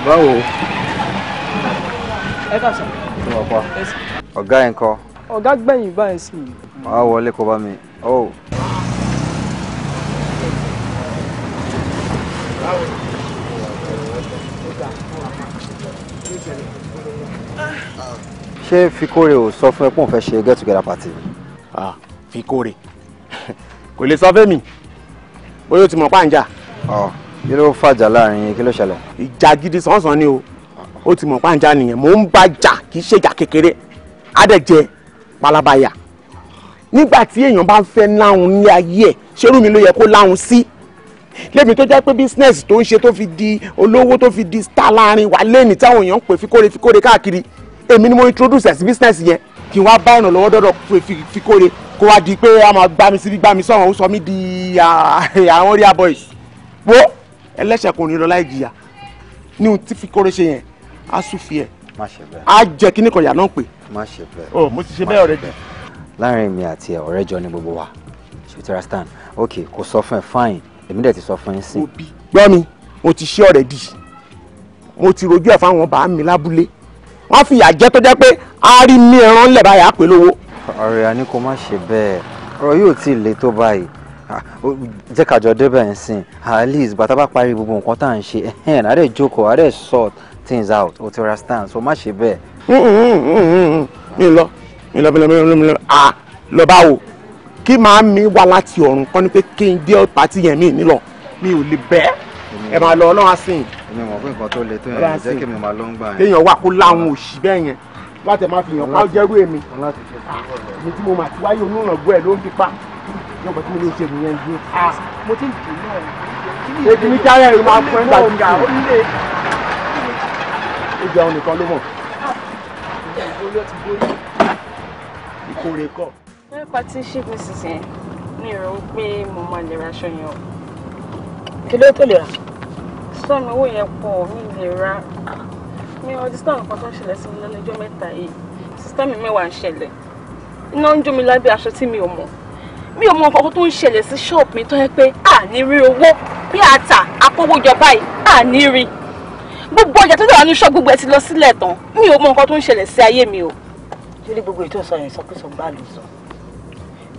báwo. ẹ kà sọ. ọ̀gá ẹ̀ ń gbẹ̀yìn báyìí sí wàá wọlé kó bá mi. ṣé Fikore ò sọ fún ẹ pé òun fẹ́ ṣe get together party. ah Fikore kò lè sọ fẹ́mi bóyá o ti mọ̀ pàǹjà. ọ kí ló fàjà láàrin yín kí ló ṣẹlẹ̀. ìjà gidi sánsan ni o ó ti mọ̀ pàǹjà nìyẹn mò ń bá jà kì í ṣèjà kékeré adẹ̀jẹ palabaya nígbà tí èèyàn bá fẹ́ láhùn ní ayé ẹ̀ ṣerú mi ló yẹ kó láhùn sí lẹ́mi tó jẹ́ pé business tó ń ṣe tó fi di olówó tó fi di star láàrin wa lẹ́ni táwọn èèyàn ń pè Fikore Fikore káàkiri èmi ni mo introduce ẹ̀ sí business yẹn kí n wá bá ìrànlọ́wọ́ dọ́dọ̀ fi kóre kó wá di pé a máa gbá mi síbi gbá mi sọ̀rọ̀ ó sọ mí di àwọn ríà boys wo ẹlẹ́ṣẹ̀ kò ní lọ láì jìyà ní ohun tí fi kóre ṣe yẹn á sùn fi ẹ̀ á jẹ́ kíní kan yà náà pé. má ṣe bẹ́ẹ̀ o oh, mo ti ṣe bẹ́ẹ̀ ọ̀rẹ́ jù. láàrin mi àti ọ̀rẹ́ jọ ni gbogbo wa ṣe ti stand ok kò sọ fún ẹ fine èmi dẹ̀ ti sọ fún ẹ sí. gbọ́ mi mo ti ṣe ọ̀rẹ́ dì mo ti rojú ẹ̀ fáwọn bàá mi lábúlé wọ́n fi ìyà jẹ tó jẹ́ pé a rí ní ẹran ńlẹ̀ báyà pé lówó. ọ̀rẹ́ a ní kó má ṣe bẹ́ẹ̀ ọ̀rọ̀ yóò tí ì le tó báyìí jẹ́ kájọ débẹ̀ ń sìn at least bàtà bá parí gbogbo nǹkan tá à ń ṣe ẹ̀hẹ́n àdé jókòó àdé sort things out o ti understand so má ṣe bẹ́ẹ̀. Mm, mm, mm, mi lọ mi lọ mi lọ mi lọ mi lọ ah lọ báwo kí màá mi wá láti ọ̀run kọ́ ni pé kí n dé pàtí yẹn mi mi lọ mi ò lè bẹ́ẹ̀ ẹ máa lọ ọlọ́run àsìn. èmi mọ̀ pé nǹkan tó le tó yẹn jẹ́ kí mi máa lọ ń gbà yẹn. téèyàn wà kó láwọn òṣì bẹ́ẹ̀ yẹn wá tẹ̀ máa fi yàn pa jẹ́rú èmi. Ah, èmi tí mo mà ti wáyé onírànbọ̀ ẹ̀ ló ń fipá yóò bọ́ tí mo lè ṣe nìyẹn ju. Ah, mo ti ń tì í náà. èmi ní kárẹ̀ rẹ̀ máa fún ẹ nígbà tó kù. ó jẹun nìkan ló mọ̀. ìkórè kọ. nípa tí ṣígun sísìn mi rò ó pé mo máa lè raṣọ yẹn o kí ló tó lè rà. sọ́ọ̀nù owó yẹn pọ̀ mí lè ra mi ò dísítà nǹkan tó ń ṣẹlẹ̀ sí mi lọ́lọ́jọ́ mẹ́ta yìí sísítà mi mẹ́wàá ń ṣẹlẹ̀ iná ń jó mi lábẹ́ aṣọ tí mi ò mọ̀ mi ò mọ nǹkan tó ń ṣẹlẹ̀ sí ṣọ́ọ̀bù mi tó yẹ pé àní rí owó pé àtà akówójọ báyìí àní rí gbogbo ọjà tó dà nínú ṣọ́ọ̀bù gbogbo ẹ ti lọ sílẹ̀ tán mi ò mọ nǹkan tó ń ṣẹlẹ̀ sí ayé mi o. lórí gbogbo ètò ìsọyìn ìsọkúsọ gbáà ló sọ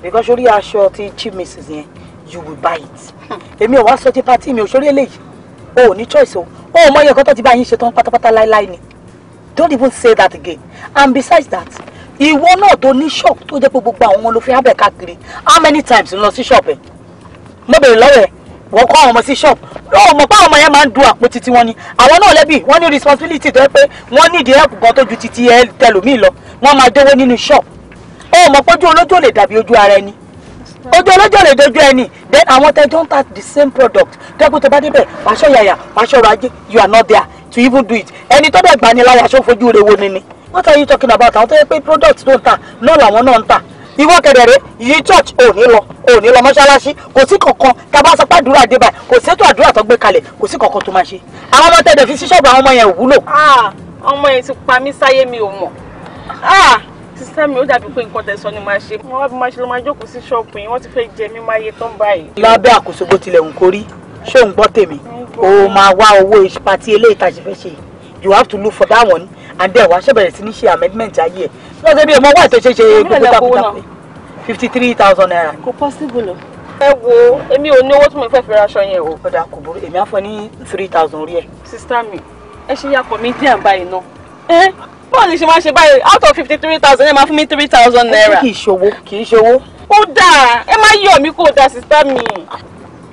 bíkọ́ sórí aṣọ ti chief mrs yẹn you will buy it. èmi ò wá sọ ti pati mi ò sórí eléyìí o ò ní choice o o ò mọ iye nǹkan tó ti bá yín ṣe tán pátápátá láéláé ni don't even say that again and besides that ìwọ náà tó ní shop tó jẹ́ pé gbogbo àwọn ọmọ ló fi káàkiri how many times lọ sí shop ẹ̀ mo bèrè lọ́wọ́ ẹ̀ wọ́n kọ́ àwọn ọmọ sí shop lọ́wọ́ mọ̀ pé àwọn ọmọ yẹn máa ń du àpò titi wọn ni àwọn náà lẹ́bi wọ́n ní responsibility tó yẹ pé wọ́n need help gan tó ju titi ẹ tẹlòmíì lọ wọ́n máa dówó nínú shop ó mọ̀ pé ojú olójú ò lè dàbí ojú ara ẹni ojú ọlọ́jọ́ rẹ̀ dojú ẹni then àwọn tẹjọ́ don't have the same product tẹ́kùn tó bá débẹ̀ wàṣọ yàyà wàṣọ ọrọ̀ ajé you are not there to even do it ẹni tó dẹ̀ gbani láyà aṣọ fojú rẹ̀ wo ni ni what are you talking about àwọn tó yẹ pé product tó ń ta náà làwọn náà ń ta ìwọ kẹdẹrẹ yìí church ò ní lọ ò ní lọ mọ́ṣáláṣí kò sí kankan tábà sọ pé àdúrà dé báyìí kò sétò àdúrà tó gbé kalẹ̀ kò sí kankan tó máa ṣe àwọn ọmọ tẹ̀dẹ̀ fi sí ṣọ́ọ̀bù àwọn ọmọ yẹn wúlò. Ah, ọmọ yẹn ti pa mí sáyé mi ò mọ̀ ah, sísá mi ó dàbí pé nǹkan tẹ̀sán ni màá ṣe wọn wá bí màá ṣe ló máa jókòó sí ṣọ́ọ̀pù yìí wọ́n ti fẹ́ jẹ mí máa yẹ tán báyìí. lábẹ́ àkóso bó tilẹ̀ ń kórí ṣé òun gbọ́ tèmi o máa wá owó pati eléyìí tá a ṣe fẹ́ ṣe you have to look for that one and then wàá ṣẹ̀bẹ̀rẹ̀ sí ní ṣe amendment ayé ẹ̀ lọ́sẹ̀ bí ọmọ wà tó ṣe ṣe gbogbo tàbí fifty three thousand naira. kò possible ẹ wo èmi ò ní owó tí mo fẹ́ fi raṣọ yẹn o. kódà kò burú three thousand orí ẹ. sista mi ẹ ṣe yàpọ̀ mi díẹ̀ báyìí bọ́ọ̀lù ṣe máa ṣe báyìí out of fifty three thousand ẹ máa fún mi three thousand naira. kì í ṣòwò kì í ṣòwò. ó dáa ẹ máa yọ mí kó da sísá mi.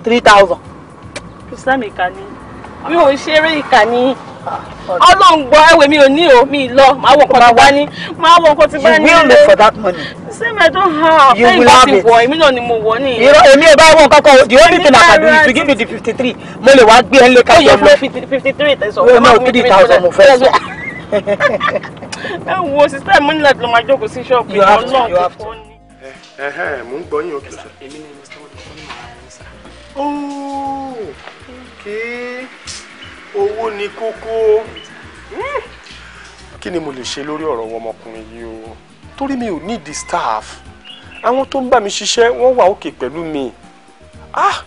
three thousand. sísá mi kà ní. mi ò ṣeré ìkà ní. Ah, ọlọ́run gbọ́ ẹ̀wẹ̀ mi ò ní o mi lọ máa wọ nǹkan tí bá ní máa wọ nǹkan tí bá ní. you will look for that money. same I don't have. you will have it. èmi náà ni mo wọ̀ ní. irọ́ èmi ẹ̀ bá wọ̀ nǹkan kan the only thing I can do is to give you the fifty three mo lè wá gbé ẹ̀ lé kájọ lọ. ó yẹ fún fifty three tẹ̀sán. wíwọ́n mi three thousand mo fẹ́ sọ ẹ wo sísá ẹ mú nílẹ̀ tó máa jókòó sí ṣọ́ọ̀bù ìwọ náà tó ní. ẹ mò ń gbọ́ yín òkè sá. èmi ni mr wọ́n ti kọ́ ní màá rẹ̀ sá. kí owó ni kókó hmm. kí ni mo lè ṣe lórí ọ̀rọ̀ ọmọkùnrin yìí o torí mi ò need the staff àwọn tó ń bá mi ṣiṣẹ́ wọ́n wà òkè pẹ̀lú mi ah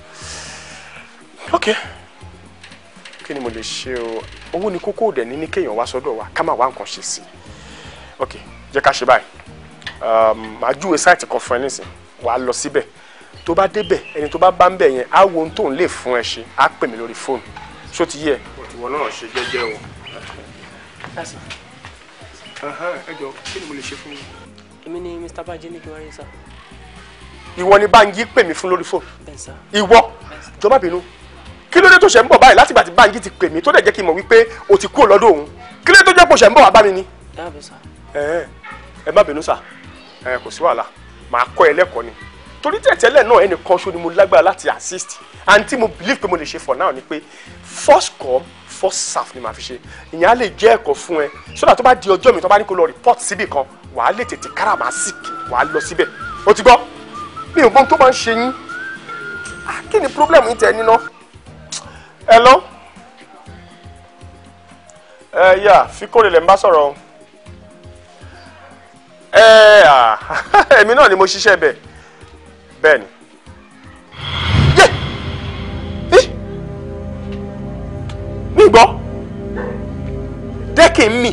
ok kí ni mo lè ṣe o owó ni kókó òdẹ ní ní kéèyàn wá sọ́dọ̀ wa ká má wá nǹkan ṣe sí i ok jẹ́ ká ṣe báyìí um, màá júwe sáìtì kan fún ẹ nísìn wàá lọ síbẹ̀ tó bá débẹ̀ ẹni tó bá bá ń bẹ̀ yẹn á wo ohun tó ń lè fún ẹ ṣe á pè mí lórí fóònù ṣó ti yẹ. ìwọ náà ṣe jẹ́jẹ́ o. ẹ kí ni mo lè ṣe fún mi. èmi ni mr bajé ní kí wọ́n rí sá. ìwọ ni Bánjí pè mí fún lórí fóònù. ìwọ jọ̀ọ́ bínú kí ló dé tó ṣe ń bọ̀ báyìí láti bàtí báyìí ti pè mí tó dẹ̀ jẹ́ kí n mọ̀ wípé o ti kúrò lọ́dọ̀ òun kí ló dé tó jẹ́ pò ṣe ń bọ̀ wá bá mi ni. ẹ má bínú sà ẹ kò sí wàhálà màá kọ́ ẹ lẹ́kọ̀ọ́ ni torí tẹ̀tẹ́lẹ̀ náà ẹnìkan ṣo ni mo lágbára láti assist and tí mo believe pé mo lè ṣe for now ni pé first come first serve ni màá fi ṣe ìyẹn á lè jẹ́ ẹ̀kọ́ fún ẹ sódà tó bá di ọjọ́ mi tó bá ní kó lọ report síbì kan wàá lè tètè káràmásìkì wàá lọ síbẹ̀ o ti gbọ́ mi ò mọ tó máa ń ṣe yín ah, kí ni problem yín tẹ ẹ níná hello. ẹ uh, yà Fikore lè ń bá sọ̀rọ̀ o. ẹ à èmi náà ni mo ṣiṣẹ́ bẹ̀ bẹ́ẹ̀ ni. mi gbọ́ dẹ́kì ń mì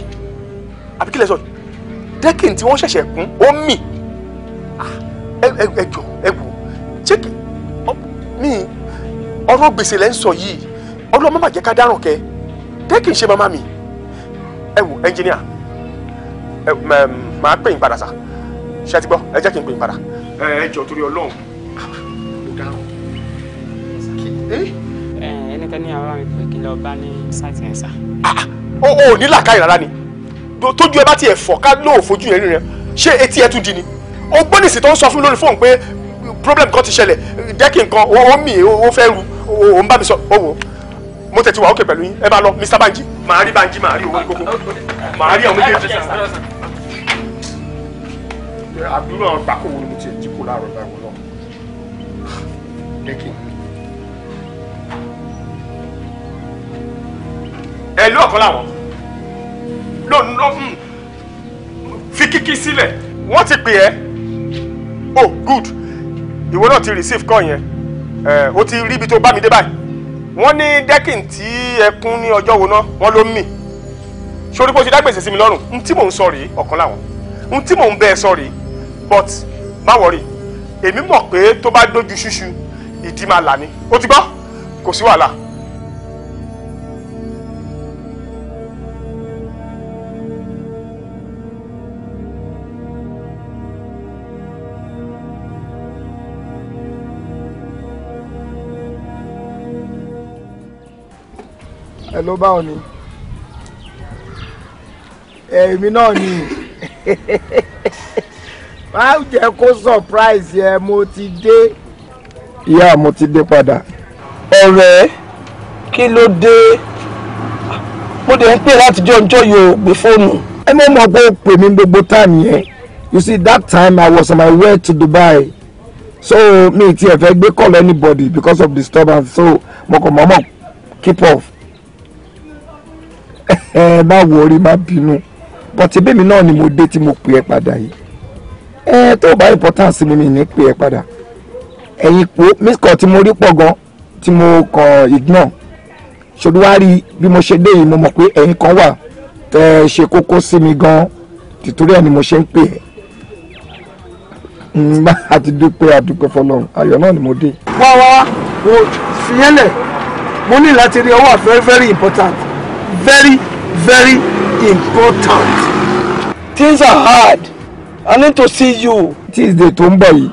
àbí kí lè sọ yìí dẹ́kì tí wọ́n ṣẹ̀ṣẹ̀ kún ó mì ẹ jọ ẹ wò ṣé mi ọ̀rọ̀ gbèsè lẹ́ ń sọ yìí ọlọ́mọ má jẹ́ ká dáràn kẹ́ kẹ́ kì í ṣe màmá mi ẹ wo ẹnjìníà ẹ máa pè yín padà sá ṣe ti gbọ́ ẹ jẹ́ kí n pè yín padà. ẹ ẹ jọ torí Ọlọ́run mo dáràn. ẹnikẹ́ni àwọn àmì pé kí n lọ bá ní sáìtì ẹ̀ sá. Ah, ah, o ò ní làákàyè rárá ni tójú ẹ bá tiẹ̀ fọ́ ká lóò fojú yẹn rírẹ ṣé etí ẹ tún di ni o gbọ́ nìsí tó ń sọ fún mi lórí fóònù pé problem kan ti ṣẹlẹ̀ jẹ́ kí ó mì ó fẹ́ ru ó ń bá mi sọ ó wò ó mo tẹ̀ ti wà ókè pẹ̀lú yín ẹ bá lọ Mr Banji màá Banji màá owó gbogbo màá àwọn méjèèjì sàn. àbúrò àwọn ni mo ti jí kó láàárọ̀ láàárọ̀ náà ẹ ló ọ̀kan làwọn ló ń hmm. fi kíkí sílẹ̀ wọ́n ti pè ẹ́ oh good ìwọ náà ti receive call yẹn ó ti rí ibi tó bá mi dé báyìí wọ́n ní dẹ́kìn tí ẹkún ní ọjọ́ wo náà wọ́n ló ń mì sórí bó ṣe dágbèsè sí mi lọ́rùn n tí mò ń sọ rèé ọ̀kan làwọn n tí mò ń bẹ́ẹ̀ sọ rèé but má wọrí èmi mọ̀ pé tó bá dójú ṣíṣu ìdí máa là ní ó ti gbọ́ kò sí wàhálà ẹ ló bá ọ ni èmi náà ni máa jẹ́ kó surprise ẹ mo ti dé. ìyá mo ti dé padà. ọ̀rẹ́ kí ló dé mo dẹ̀ ń pè láti jọ ọjọ́ yóò gbé fóònù. ẹ mọ̀ mọ̀ pé ó pè mí gbogbo táàmì yẹn you see that time I was on my way to Dubai so mi ti ẹ̀ fẹ́ gbé call anybody because of disturbance so mo kàn mọ̀ mọ̀ keep off ẹ má wọrí má bínú bọ́tí bẹ́ẹ̀ náà ni mo dé tí mo pè ẹ́ padà yìí ẹ tó bá importance mi mi ní pè ẹ́ padà ẹ̀yin po miss tí mo rí pọ̀ gan tí mo kàn ignore ṣòdú bí mo ṣe dé yìí mo mọ̀ pé ẹ̀yin kan wà tẹ́ ẹ ṣe kókó sí mi gan tìtorí ẹ̀ ni mo ṣe ń pè ẹ́ nba àti dúpẹ́ àdúpẹ́ fọlọ́run ayọ̀ náà ni mo dé. wá wá wá wo fiyẹ́lẹ̀ mo ní láti rí ọwọ́ very very important very, very important. Things are hard. I need to see you. Tuesday tó ń bọ̀ yìí,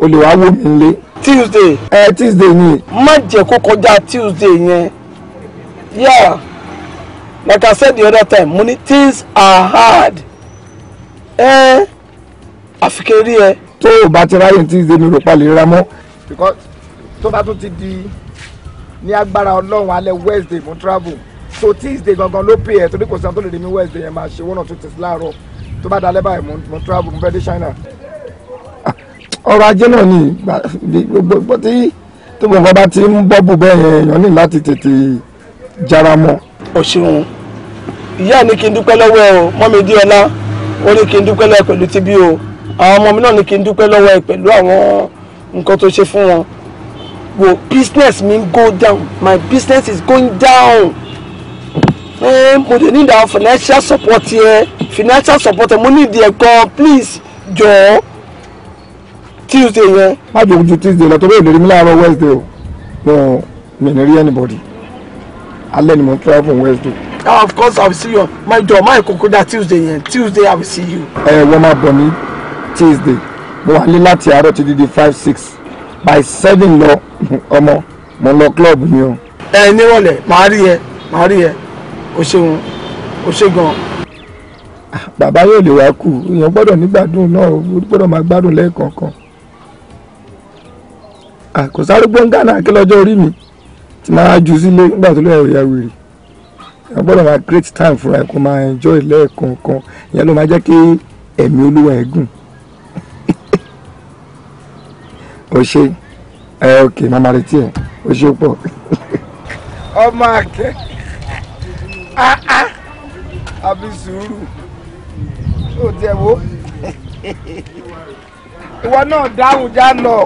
o lè wá wò mí nílé. Tuesday. Ẹ Tuesday ni. Má jẹ́ kó kọjá Tuesday yẹn. Yeah, like I said the other time, money. things are hard. Ẹ àfikẹ́rí ẹ. Tó o bá ti ráyè Tuesday mi rò pa lè ra mọ́. Because tó bá tún ti di ní agbára Ọlọ́run alẹ́ Wednesday mo travel so tuesday gangan ló pay ẹ torí kò sẹ́ni tó lè dé mi wednesday yẹn máa ṣe one or two things láàárọ̀ tó bá dalẹ́ báyìí mo travel mo fẹ́ dé china. ọrọ̀ ajé náà ni gbogbo tí tó gbogbo bá ti ń bọ́ bù bẹ́ẹ̀ yẹn èèyàn ní láti tètè jara mọ́. o ṣeun ìyá ni kí n dúpẹ́ lọ́wọ́ ẹ o mọ́ mi dí ọlá ó ní kí n dúpẹ́ lọ́wọ́ ẹ pẹ̀lú tibí o àwọn ọmọ mi náà ní kí n dúpẹ́ lọ́wọ́ ẹ pẹ̀lú àwọn nǹkan tó ṣe fún wọn wo business mi go down my business is going down mo dey need our financial support here financial support mo need ẹ gan please jọ̀ọ́ tuesday yẹn. má jòkó ju tuesday lọ tó bẹ́ẹ̀ lórí mi láàárọ̀ wednesday o mo mi ní rí anybody alẹ́ ni mo ń travel on wednesday. ah of course i will see you my jọ my koko da tuesday yẹn tuesday i will see you. ẹ wọ́n máa bọ̀ ní tuesday mo wà ní láti àárọ̀ títí di five six by seven lọ ọmọ mo lọ club ni o. ẹ nírọ̀lẹ́ màá rí ẹ màá rí ẹ o ṣeun o ṣe gan. bàbá yóò lè wá kù èèyàn gbọ́dọ̀ nígbàdùn náà ó gbọ́dọ̀ máa gbádùn lẹ́ẹ̀kọ̀ọ̀kan kò sárúgbó ń gánà kí lọ́jọ́ orí mi ti máa ju sílé nígbà tó lóyè òyà wèrè èèyàn gbọ́dọ̀ máa create time fúnra ẹ̀ kó máa enjoy lẹ́ẹ̀kọ̀ọ̀kan ìyẹn ló máa jẹ́ kí ẹ̀mí olúwa ẹ̀ gùn o ṣe ẹ ok màmá retí ẹ o ṣe pọ̀ ọmọ akẹ́ àbí ah, ah. sùúrù ó jẹ wo ìwọ náà dáhùn já lọ.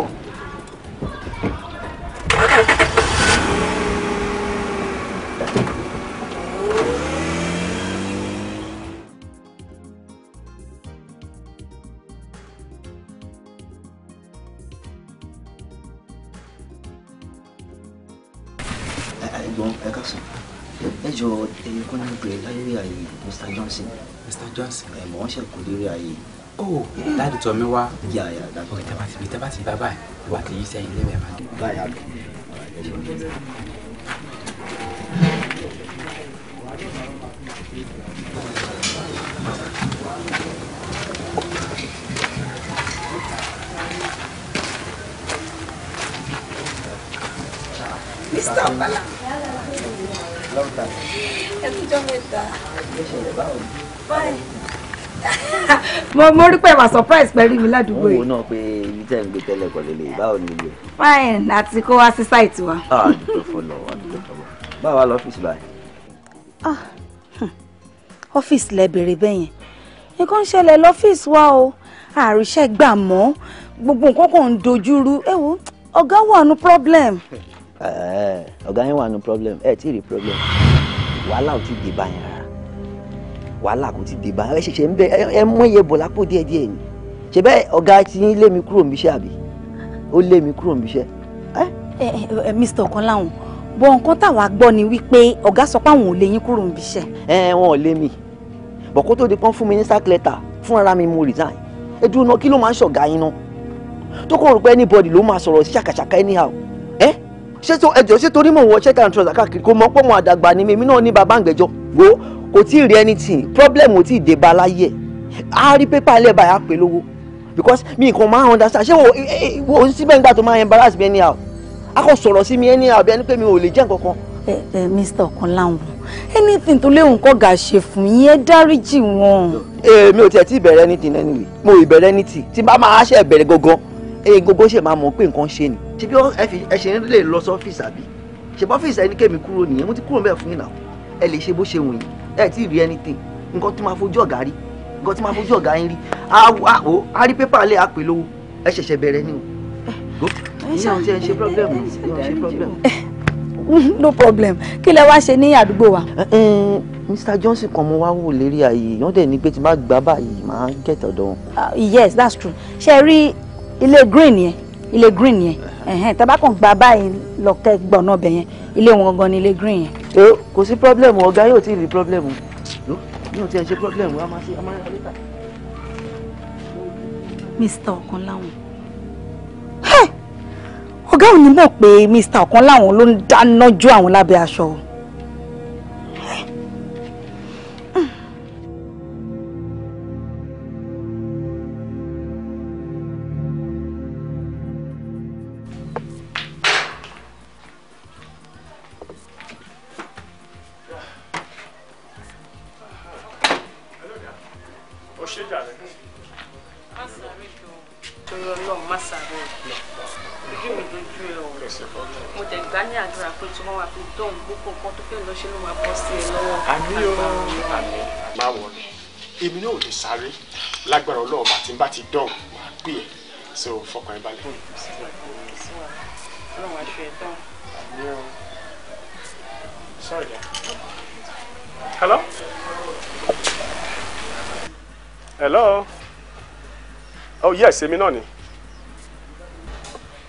Mr. Johnson. Mr. Johnson. ẹ mọ̀ wọ́n ṣe kò lérí ayé. ó oh, dáàdì tọ́ mi wá. yà yà dáàdì. ọkẹ tẹ́bà ti bí tẹ́bà ti bá báyìí wà á ti yí sẹ́yìn lẹ́bẹ̀ẹ́ máa dé. báyà lọ. Mr. Bala mẹ́ta. ẹ tún jọ mẹ́ta. mo mo rí pé wà surprise pẹ̀lú mi ládùúgbò yìí. òun náà pé ibi tẹ́ ń gbé tẹ́lẹ̀ kọ́ lélẹ̀ báwo ni ilé. fine àti kó wá sí sáìtì wa. àdúgbò fọlọ àdúgbò fọlọ báwo wá lọ́fíìsì báyìí. Ah, hmm. ọ́fíìsì lẹ bèrè bẹ́yẹn nǹkan ń ṣẹlẹ̀ lọ́fíìsì wa o àríṣẹ́ gbà mọ́ gbogbo nǹkan kan ń dojú rú ẹ wo ọ̀gá wà nù problem. Eh, ọ̀gá yẹn wà nù problem ẹ tí ì rí problem wàhálà ò ti dé báyìí rárá wàhálà kò ti dé báyìí ẹ ṣẹ̀ṣẹ̀ ń bẹ ẹ mú iye bọ̀ lápò díẹ̀ díẹ̀ ni ṣe bẹ́ẹ̀ ọ̀gá ti ń lé mi kúrò níṣẹ́ àbí ó lé mi kúrò níṣẹ́. ẹ eh? ẹ eh, ẹ Mr. Ọ̀kanláwọn bọ nǹkan táwa gbọ́ ni wípé ọ̀gá sọ pé àwọn ò lé yín kúrò níṣẹ́. ẹ ẹ wọn ò lé mi bọ̀ kó tó di pọ́n fún mi ní sack letter fún ara mi mo resign ẹ dúró náà kí ló máa ń ṣọ̀gá yín náà tó kọ̀ anybody ló máa sọ̀rọ̀ sí anyhow ṣé tó ẹjọ́ ṣé torí mò ń wọ check and trouser káàkiri kò mọ̀ pọ̀ mọ́ àdàgbà ni mímí náà ní bàbá àgbẹ̀jọ wo kò tí ì rí anything problem ò tí ì dé ba láyé á rí pépà ilé báyà pé lówó because mi nǹkan máa ń understand ṣé wo wo síbẹ̀ nígbà tó máa embarrass mi anyhow a kò sọ̀rọ̀ sí mi anyhow bí ẹni pé mi ò lè jẹ́ nǹkan kan. ẹ ẹ Mr. Ọ̀kánláwọ̀n anything tó léwu nǹkan gà ṣe fún yín ẹ dáríjì wọn. èmi ò tiẹ̀ tí ì bẹ̀rẹ̀ anything anyway mo ì bẹ̀rẹ̀ anything tí bá máa ṣe bẹ̀rẹ̀ gangan egungun ṣe máa mọ̀ pé nǹkan ṣe ni ṣe bí ẹ ṣe ń lè lọ sọ́fíìsì àbí ṣe bọ́fíìsì ẹni kẹ́mi kúrò nìyẹn mo ti kúrò bẹ́ẹ̀ fún yín náà ẹ lè ṣe bó ṣe wù yín ẹ tí ì rí anything nǹkan tí máa fojú ọ̀gá rí nǹkan tí máa fojú ọ̀gá yín rí àwò àrí pépà lè àpè lówó ẹ ṣẹ̀ṣẹ̀ bẹ̀rẹ̀ ni o ìyá ọ̀tí ẹ ṣe problem ìyá ọ̀tí problem. no problem kí lẹ wá ṣe ní àdúgbò wa. Eh, eh, Mr. Johnson kan mo wá wò lérí ààyè wọ́n dẹ̀ ní pé tí má gbà báyìí máa gẹ̀tọ̀ dán. Ah, yes that's true ṣe rí ilé green yẹn ilé green yẹn ẹ̀hẹ́n tẹ́ bá kàn gba báyìí lọ́kẹ́ gbọ̀nà ọbẹ̀ yẹn ilé wọn gangan ni ilé green yẹn. ẹ kò sí pọ́blẹ́mù ọ̀gá yóò tí rí pọ́blẹ́mù yóò tí ṣe pọ́blẹ́mù a máa ṣe a máa rí àlejò. Mr. Ọ̀kanláwọn ọ̀gá ò ní mọ̀ pé Mr. Ọ̀kanláwọn ló ń dáná jó àwọn lábẹ́ aṣọ o. sáré lágbára ọlọ́run bá ti ń bá ti dán wàá pè é so fọkàn ẹ balẹ̀. ọlọ́run aṣọ ẹ̀ tán. Hello? Hello? Oh, yes, èmi náà ni.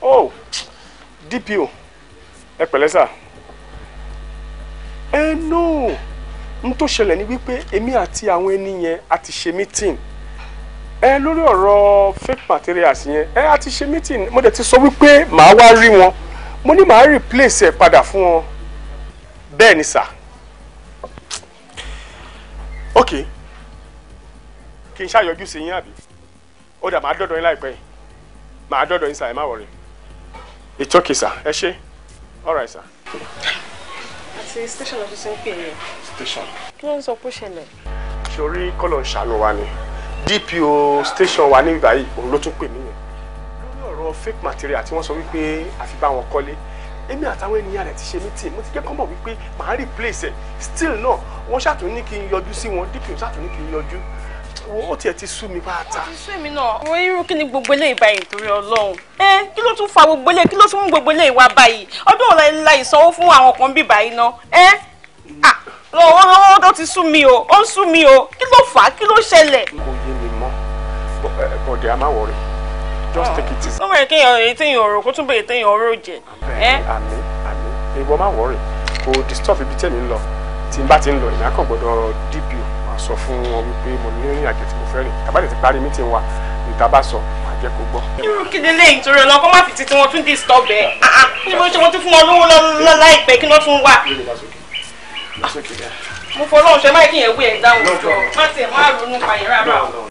Oh, DPO. Ẹ pẹ̀lẹ́ sà. Eh, no n tó ṣẹlẹ̀ ni wípé èmi àti àwọn ènìyàn a ti ṣe meeting ẹ lórí ọ̀rọ̀ fake materials yẹn ẹ a ti ṣe meeting mo dẹ̀ ti sọ wípé màá wá rí wọn mo ní màá replace ẹ̀ padà fún wọn bẹ́ẹ̀ ni sà ok kí n ṣàyọjú sí yín àbí ó dà màá dọ́dọ̀ yín láìpẹ́ yìí màá dọ́dọ̀ yín sà ẹ má wọ̀rẹ́ it's sà ẹ ṣé all right sà station lọ sí ń pè yẹn. station. kí ló ń sọ pé ó ṣẹlẹ̀. sori kọlọ ṣàánú wa ni DPO station wa ní ìbáyìí òun ló tún pè mí yẹn lórí ọ̀rọ̀ fake material tí wọ́n sọ wípé àfi bá wọn kọ́lé èmi àtàwọn ènìyàn rẹ̀ ti ṣe meeting mo ti jẹ́ kọ́mọ̀ wípé màá replace ẹ̀ still náà wọ́n ṣàtún ní kí n yọjú sí wọn DPO ṣàtún ní kí n yọjú o tiẹ̀ ti sú mi pátá. ó ti sú mi náà àwọn irú kí ni gbogbo eléyìí báyìí torí ọlọ́run ẹ kí ló tún fa gbogbo eléyìí kí ló tún mú gbogbo eléyìí wá báyìí ọdún ọ̀la ìlà ìsanwó fún àwọn kan bíi báyìí náà ẹ lọ́wọ́ ó ti sú mi o ó ń sú mi o kí ló fà á kí ló ṣẹlẹ̀. kò yé mi mọ́ bọ̀dẹ̀ a máa wọ̀rẹ̀ just ah. take it easy. ó bẹ̀rẹ̀ kéèyàn èyí téèyàn ọ̀rọ̀ kó tún bẹ̀rẹ̀ téèyàn ọ̀rọ̀ jẹ. àmì àmì ìwọ máa wọ̀rẹ̀ kò disturb ibi tẹ̀mí ń lọ tí n bá ti ń lọ ìyá kan dp máa sọ fún wọn wípé mo ní ìrìn àjò tí mo fẹ́ rìn tàbá lè ti parí mítìn wa níta bá sọ máa jẹ́ kó gbọ́. irú kí lélẹ́ ìtòrò ẹ̀ lọ́kọ́ má fi títí wọn tún disturb ẹ̀ ah, ah. kí ló ṣe wọ́n tún fún wọn lówó lọ́lọ́ láìpẹ́ kí ló tún wà. mo fọlọ́run ṣe máa kí yẹn wé ẹ̀ dáhùn jọ má tiẹ̀ má ronú pa yẹn rárá o.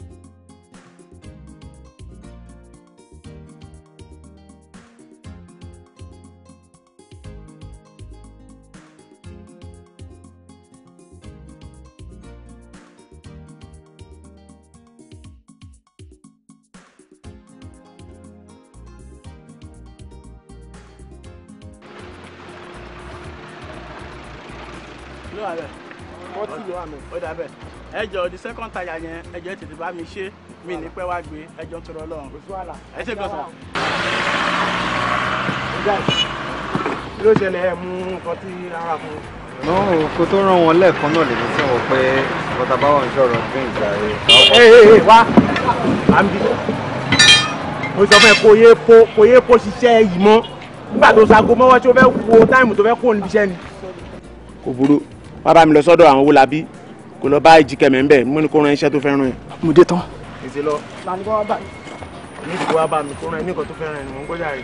ẹjọ the second tire yẹn ẹjọ tètè bá mi ṣe mi ní pẹ́ wá gbé ẹjọ tó rọ lọ́rùn. oṣù àlà ẹ ṣe gbọ́sà. ọjà kí ló ṣẹlẹ̀ ẹ mú nǹkan tí ara fún. náà kó tó rán wọn lẹ́ẹ̀kan náà lèmi sí wọn pé bọ́tà bá wọn ṣọ̀rọ̀ fún ìgbà rẹ̀. ẹ ẹ wá àmì mo sọ fún ẹ kò yé po kò yé po ṣiṣẹ́ yìí mọ́ nígbà tó sago mọ́wọ́ tí o fẹ́ wo táìmù tó fẹ́ kó o níbi iṣẹ́ ni. kò burú má bá mi lọ sọ́dọ̀ àwọn owó labí kò lọ bá ìjìkẹ̀mẹ̀ ń bẹ̀ mo ní kó ran iṣẹ́ tó fẹ́ràn yẹn. mo dé tán. èsì lọ làǹkó wá bá mi. ní wá bá mi kó ran ẹ ní tó fẹ́ràn ẹ mò ń gbọ́dọ̀ rè.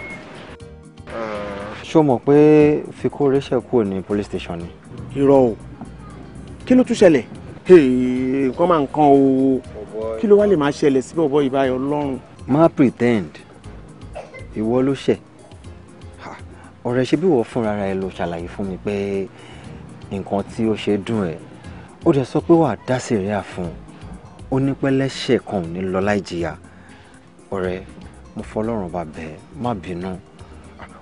ṣó mọ̀ pé fikó rẹ́ṣẹ̀ kúrò police station ni. irọ́ o kí ló tún ṣẹlẹ̀ nǹkan máa ń kan o oh kí ló wá lè máa ṣẹlẹ̀ sí oh bọ̀bọ̀ ìbáyọ̀ lọ́rùn. má pretend ìwọ ló ṣẹ̀ ọ̀rẹ́ ṣe bí wọ́n fúnra ẹ lọ ṣàlàyé fún mi pé nǹkan tí ó ṣe dùn ẹ̀ ó dẹ̀ sọ pé wàá dá sẹ̀ríà fún un ó ní pẹ́ lẹ́sẹ̀ kan ò ní lọ láì jìyà ọ̀rẹ́ mo fọlọ́run bá bẹ̀ ẹ́ má bínú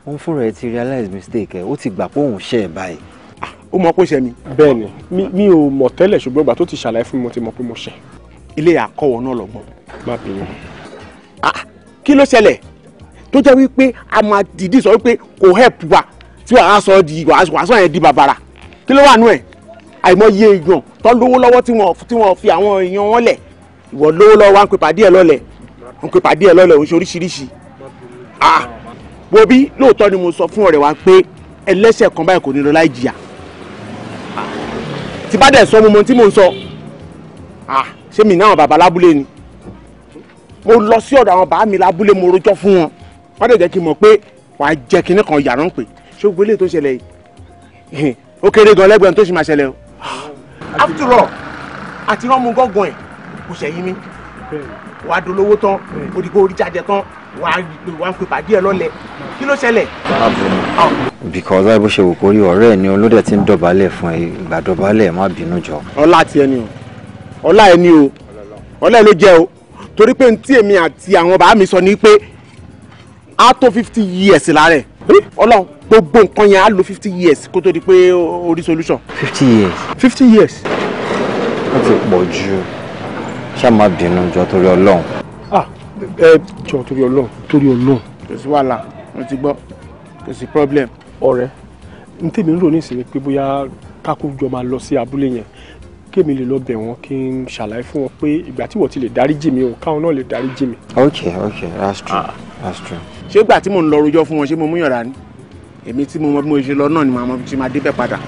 òun fúnra ẹ ti realize mistake ẹ ó ti gbà pé òun ṣe ẹ báyìí. Ah, ó mọ pé ṣe mi. bẹ́ẹ̀ni mi ò mọ̀ tẹ́lẹ̀ ṣùgbọ́n ìgbà tó ti ṣàlàyé fún mi mo ti mọ̀ pé mo ṣe ilé àkọwọ náà lọ́gbọ́n. má bínú. Ah, kí ló ṣẹlẹ̀ tó jẹ́ wípé a máa dìídì sọ wípé kò help wa tí wàá sọ di wàá sọ yẹn di bàbàrà kí ló wà nú ẹ̀ àìmọye èèyàn tó lówó lọ́wọ́ tí wọ́n fi àwọn èèyàn wọn lẹ̀ ìwọ lówó lọ́wọ́ wa ń pè pàdé ẹ̀ lọ́lẹ̀ ń pè pàdé ẹ̀ lọ́lẹ̀ oṣù oríṣiríṣi wo bí lóòótọ́ ni mo sọ fún ọ̀rẹ́ wa pé ẹlẹ́ṣẹ̀ kan báyìí kò ní lọ láì jìyà tí bá dẹ̀ sọ mo mọ tí mò ń sọ ṣé mi náà bàbá lábúlé ni mo lọ sí ọ̀dọ̀ àwọn bàá mi lábúlé mo rojọ́ fún wọn wọ́n dẹ̀ jẹ́ kí n mọ̀ pé wàá jẹ́ kinní kan yàrá ń pè ṣé gbogbo eléyìí tó ṣẹlẹ̀ yìí ó kéré gan lẹ́gbẹ̀ẹ́ tó ṣì máa ṣẹlẹ̀ o after all àti rán mu gángan ẹ̀ kò ṣẹ̀yìn mi wàá dolówó tán òdìgbò oríjàjẹ tán wàá wàá pè pàdé ẹ lọ́lẹ̀ kí ló ṣẹlẹ̀. because báyìí bó ṣe wò kó rí ọ̀rẹ́ ẹ̀ ni olódẹ̀ ti ń dọ̀bálẹ̀ fún ẹ ìgbà dọ̀bálẹ̀ má bínú jọ. ọlá ti ẹni o ọlá ẹni o ọlá ẹ ló jẹ o torí pé ntí èmi àti àwọn bàá mi sọ ni pé a tó fifty years lára ẹ̀ ọlọ́run gbogbo nǹkan yẹn á lo fifty years kó tó di pé ó rí solution. fifty years. fifty years. ó ti pọ̀ jù ṣá máa bínú jọ torí ọlọ́run. ah ẹ jọ torí ọlọ́run torí ọlọ́run. kò sí wàhálà mo ti gbọ́ kò sí problem. ọ̀rẹ́ n tèmi ń rò ní ìsinmi pé bóyá kákójọ máa lọ sí abúlé yẹn kémi lè lọ bẹ̀ wọ́n kí n ṣàlàyé fún wọn pé ìgbà tí wọ́n ti lè dáríjì mi o káwọn náà lè dáríjì mi. ok ok that's true ah. that's true ṣé gbà tí mò ń lọ rojọ́ fún wọn ṣé mo mú yàrá ni èmi tí mo mọ bí mo ṣe lọ náà ni màá ti máa débẹ̀ padà.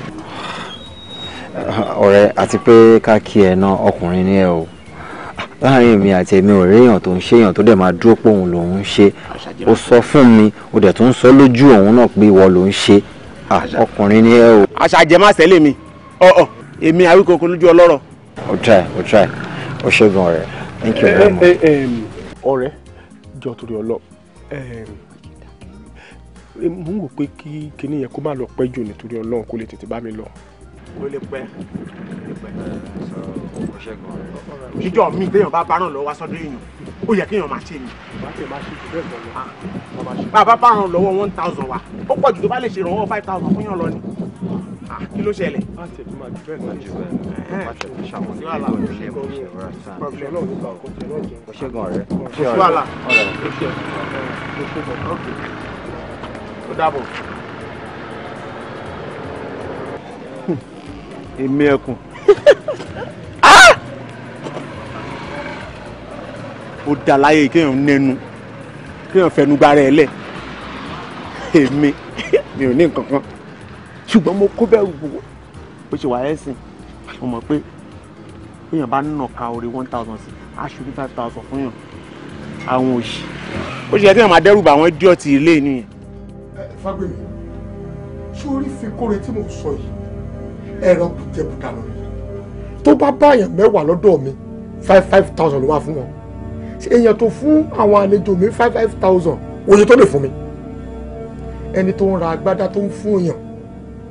Ah, ọ̀rẹ́ àti pé ká kí ẹ náà ọkùnrin ni ẹ o láàrin èmi àti èmi ò réèyàn tó ń ṣèyàn tó dẹ̀ máa dúró pé lòún ṣe ó sọ fún mi ó dẹ̀ tó ń sọ lójú òun náà pé ìwọ lòún ṣe ah, ọkùnrin ni ẹ o. àṣàjẹ má sẹ́lẹ̀ mi ọ̀ọ̀ èmi àwíkòkò lójú ọlọ́rọ̀. o try o try o ṣe gan ọ̀rẹ́ thank you very eh, eh, much. Eh, ọ̀rẹ́ jọ torí ọlọ́ọ̀ mo ń wò pé kí kinní yẹn kó má lọ pẹ́ jù nítorí ọlọ́run kó lè tètè bá mi lọ ó lè pẹ́ níjọ́ mi téèyàn bá báràn lọ́wọ́ sọ́dọ̀ èèyàn ó yẹ kéèyàn máa ṣe ni. bàbá ah. báràn lọ́wọ́ one thousand wa ó pọ̀ jù tó bá lè ṣe ìrànwọ́ five thousand fún yàn lọ ni ah, kí ló ṣẹlẹ̀. ọ̀ṣẹ́gun ọ̀rẹ́ ọ̀ṣẹ́gun ọ̀rẹ́ ó dàbọ̀. èmi ẹkùn ah! ó dà láyé kéèyàn nẹnu kéèyàn fẹnu gbára ẹ lẹ èmi mi ò ní nǹkan kan ṣùgbọ́n mo kó bẹ́ẹ̀ wò ó ṣe wà ẹ́sìn mo mọ̀ pé èèyàn bá nà ka orí one thousand sí aṣọ ní five thousand fún yàn àwọn òṣì ó ṣe yẹ kí èèyàn máa dẹ́rù bá àwọn idiot ilé nìyẹn. fagbemi sórí fikore tí mo sọ yìí ẹran kùtẹ̀kùtà lórí tó bá báyàn mẹ́wàá lọ́dọ̀ mi five five thousand ló wà fún wọn ṣe èèyàn tó fún àwọn àlejò mi five five thousand oye tó lè fún mi ẹni tó ń ra agbádá tó ń fún èèyàn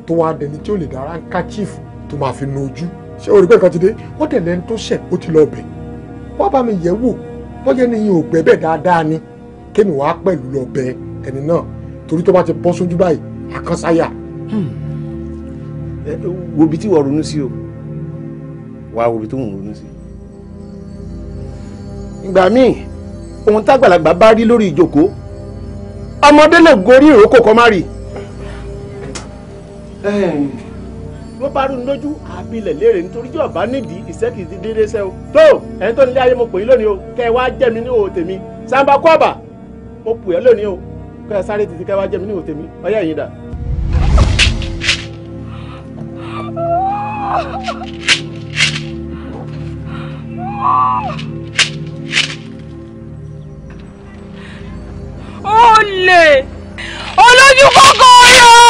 tó wá dẹni tí ó lè dára ń ká chief tó máa fi nu ojú ṣé orí pẹ́ẹ́kan ti dé wọ́n tẹ̀lé ẹni tó ṣẹ̀ ó ti lọ bẹ̀ wọ́n bá mi yẹ̀ wò bọ́jẹ́ ni ìyẹn ò gbẹ́ bẹ́ẹ̀ dáadáa ni kémi wàá pẹ̀lú lọ bẹ ẹni náà torí tó bá ti bọ́ sójú báyìí àkànṣáyà wo ibi tí wọ́n ronú sí o wà á wo ibi tó ń ronú sí. ìgbà míì ohun tágbàlagbà bá rí lórí ìjókòó ọmọdé lè gorí ìrókò kọ́ má rí. wọ́n bá rún lójú àbílẹ̀ léèrè nítorí tí ọba nídìí ìṣẹ́kì ti dédé ṣe o. tó ẹni tó nílé ayé mo pè é lónìí o kẹ́ ẹ wá jẹ́ mi ní òwò tèmi sàǹbà kọ́ọ̀bà mo pè é lónìí o kẹ́ ẹ sáré títí kẹ́ ẹ wá jẹ́ mi ní òwò tèmi ọyẹ́ yìí dà. olè olójú kọ́kọ́ yóò.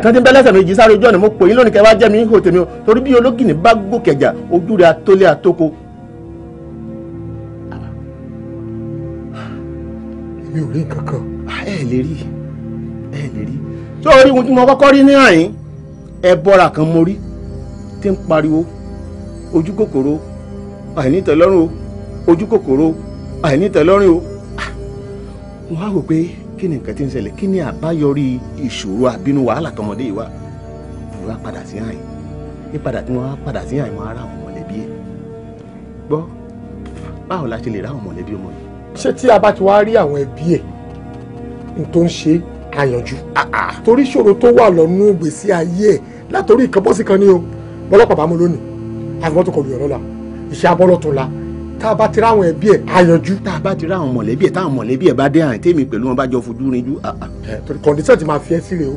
ẹlẹ́ṣẹ̀ kan tí ń bẹ lẹ́ṣẹ̀ méjì sáré ojú ọ̀nà mo pò yín lónìí kẹ́ wá jẹ́ mi hò tèmi o torí bí ológìnní bá gòkè ẹ̀jà ojú rẹ̀ atólé atóko. mi ò rí nǹkan kan. Ah, ẹ lè rí ẹ lè rí. tó o rí ohun tí mo kọ́kọ́ rí ní àyín ẹ bọ́ra kan mo rí tí ń pariwo ojú kòkòrò àìnítẹ̀lọ́rùn o ojú kòkòrò àìnítẹ̀lọ́rùn o wọ́n á rò pé kí ni nǹkan tí ń ṣẹlẹ̀ kí ni àbáyọrí ìṣòro àbínú wàhálà tọmọdé yìí wà mo wá padà sí àyè ìpadà tí mo wá padà sí àyè mo ara àwọn mọ̀lẹ́bí ẹ̀ gbọ́ báwo la ṣe lè ra àwọn mọ̀lẹ́bí ọmọ yìí. ṣé tí a bá ti wá rí àwọn ẹbí ẹ̀ n tó ń ṣe àyànjú ah, ah. torí ìṣòro tó wà lọ́nú ìgbésí ayé ẹ̀ látòrí ìkànbọ́sí kan ní o bọ́lọ́pàá bá mú lónìí àfimọ́tò tá a bá ti ráwọn ẹbí ẹ̀ àyànjú. tá a bá ti ráwọn mọ̀lẹ́bí ẹ̀ táwọn mọ̀lẹ́bí ẹ̀ bá dé àyàn tèmi pẹ̀lú wọn bá jọ fojú rinjú. kọ̀ǹdíṣàn ah, ah. ti máa fi ẹ́ sí o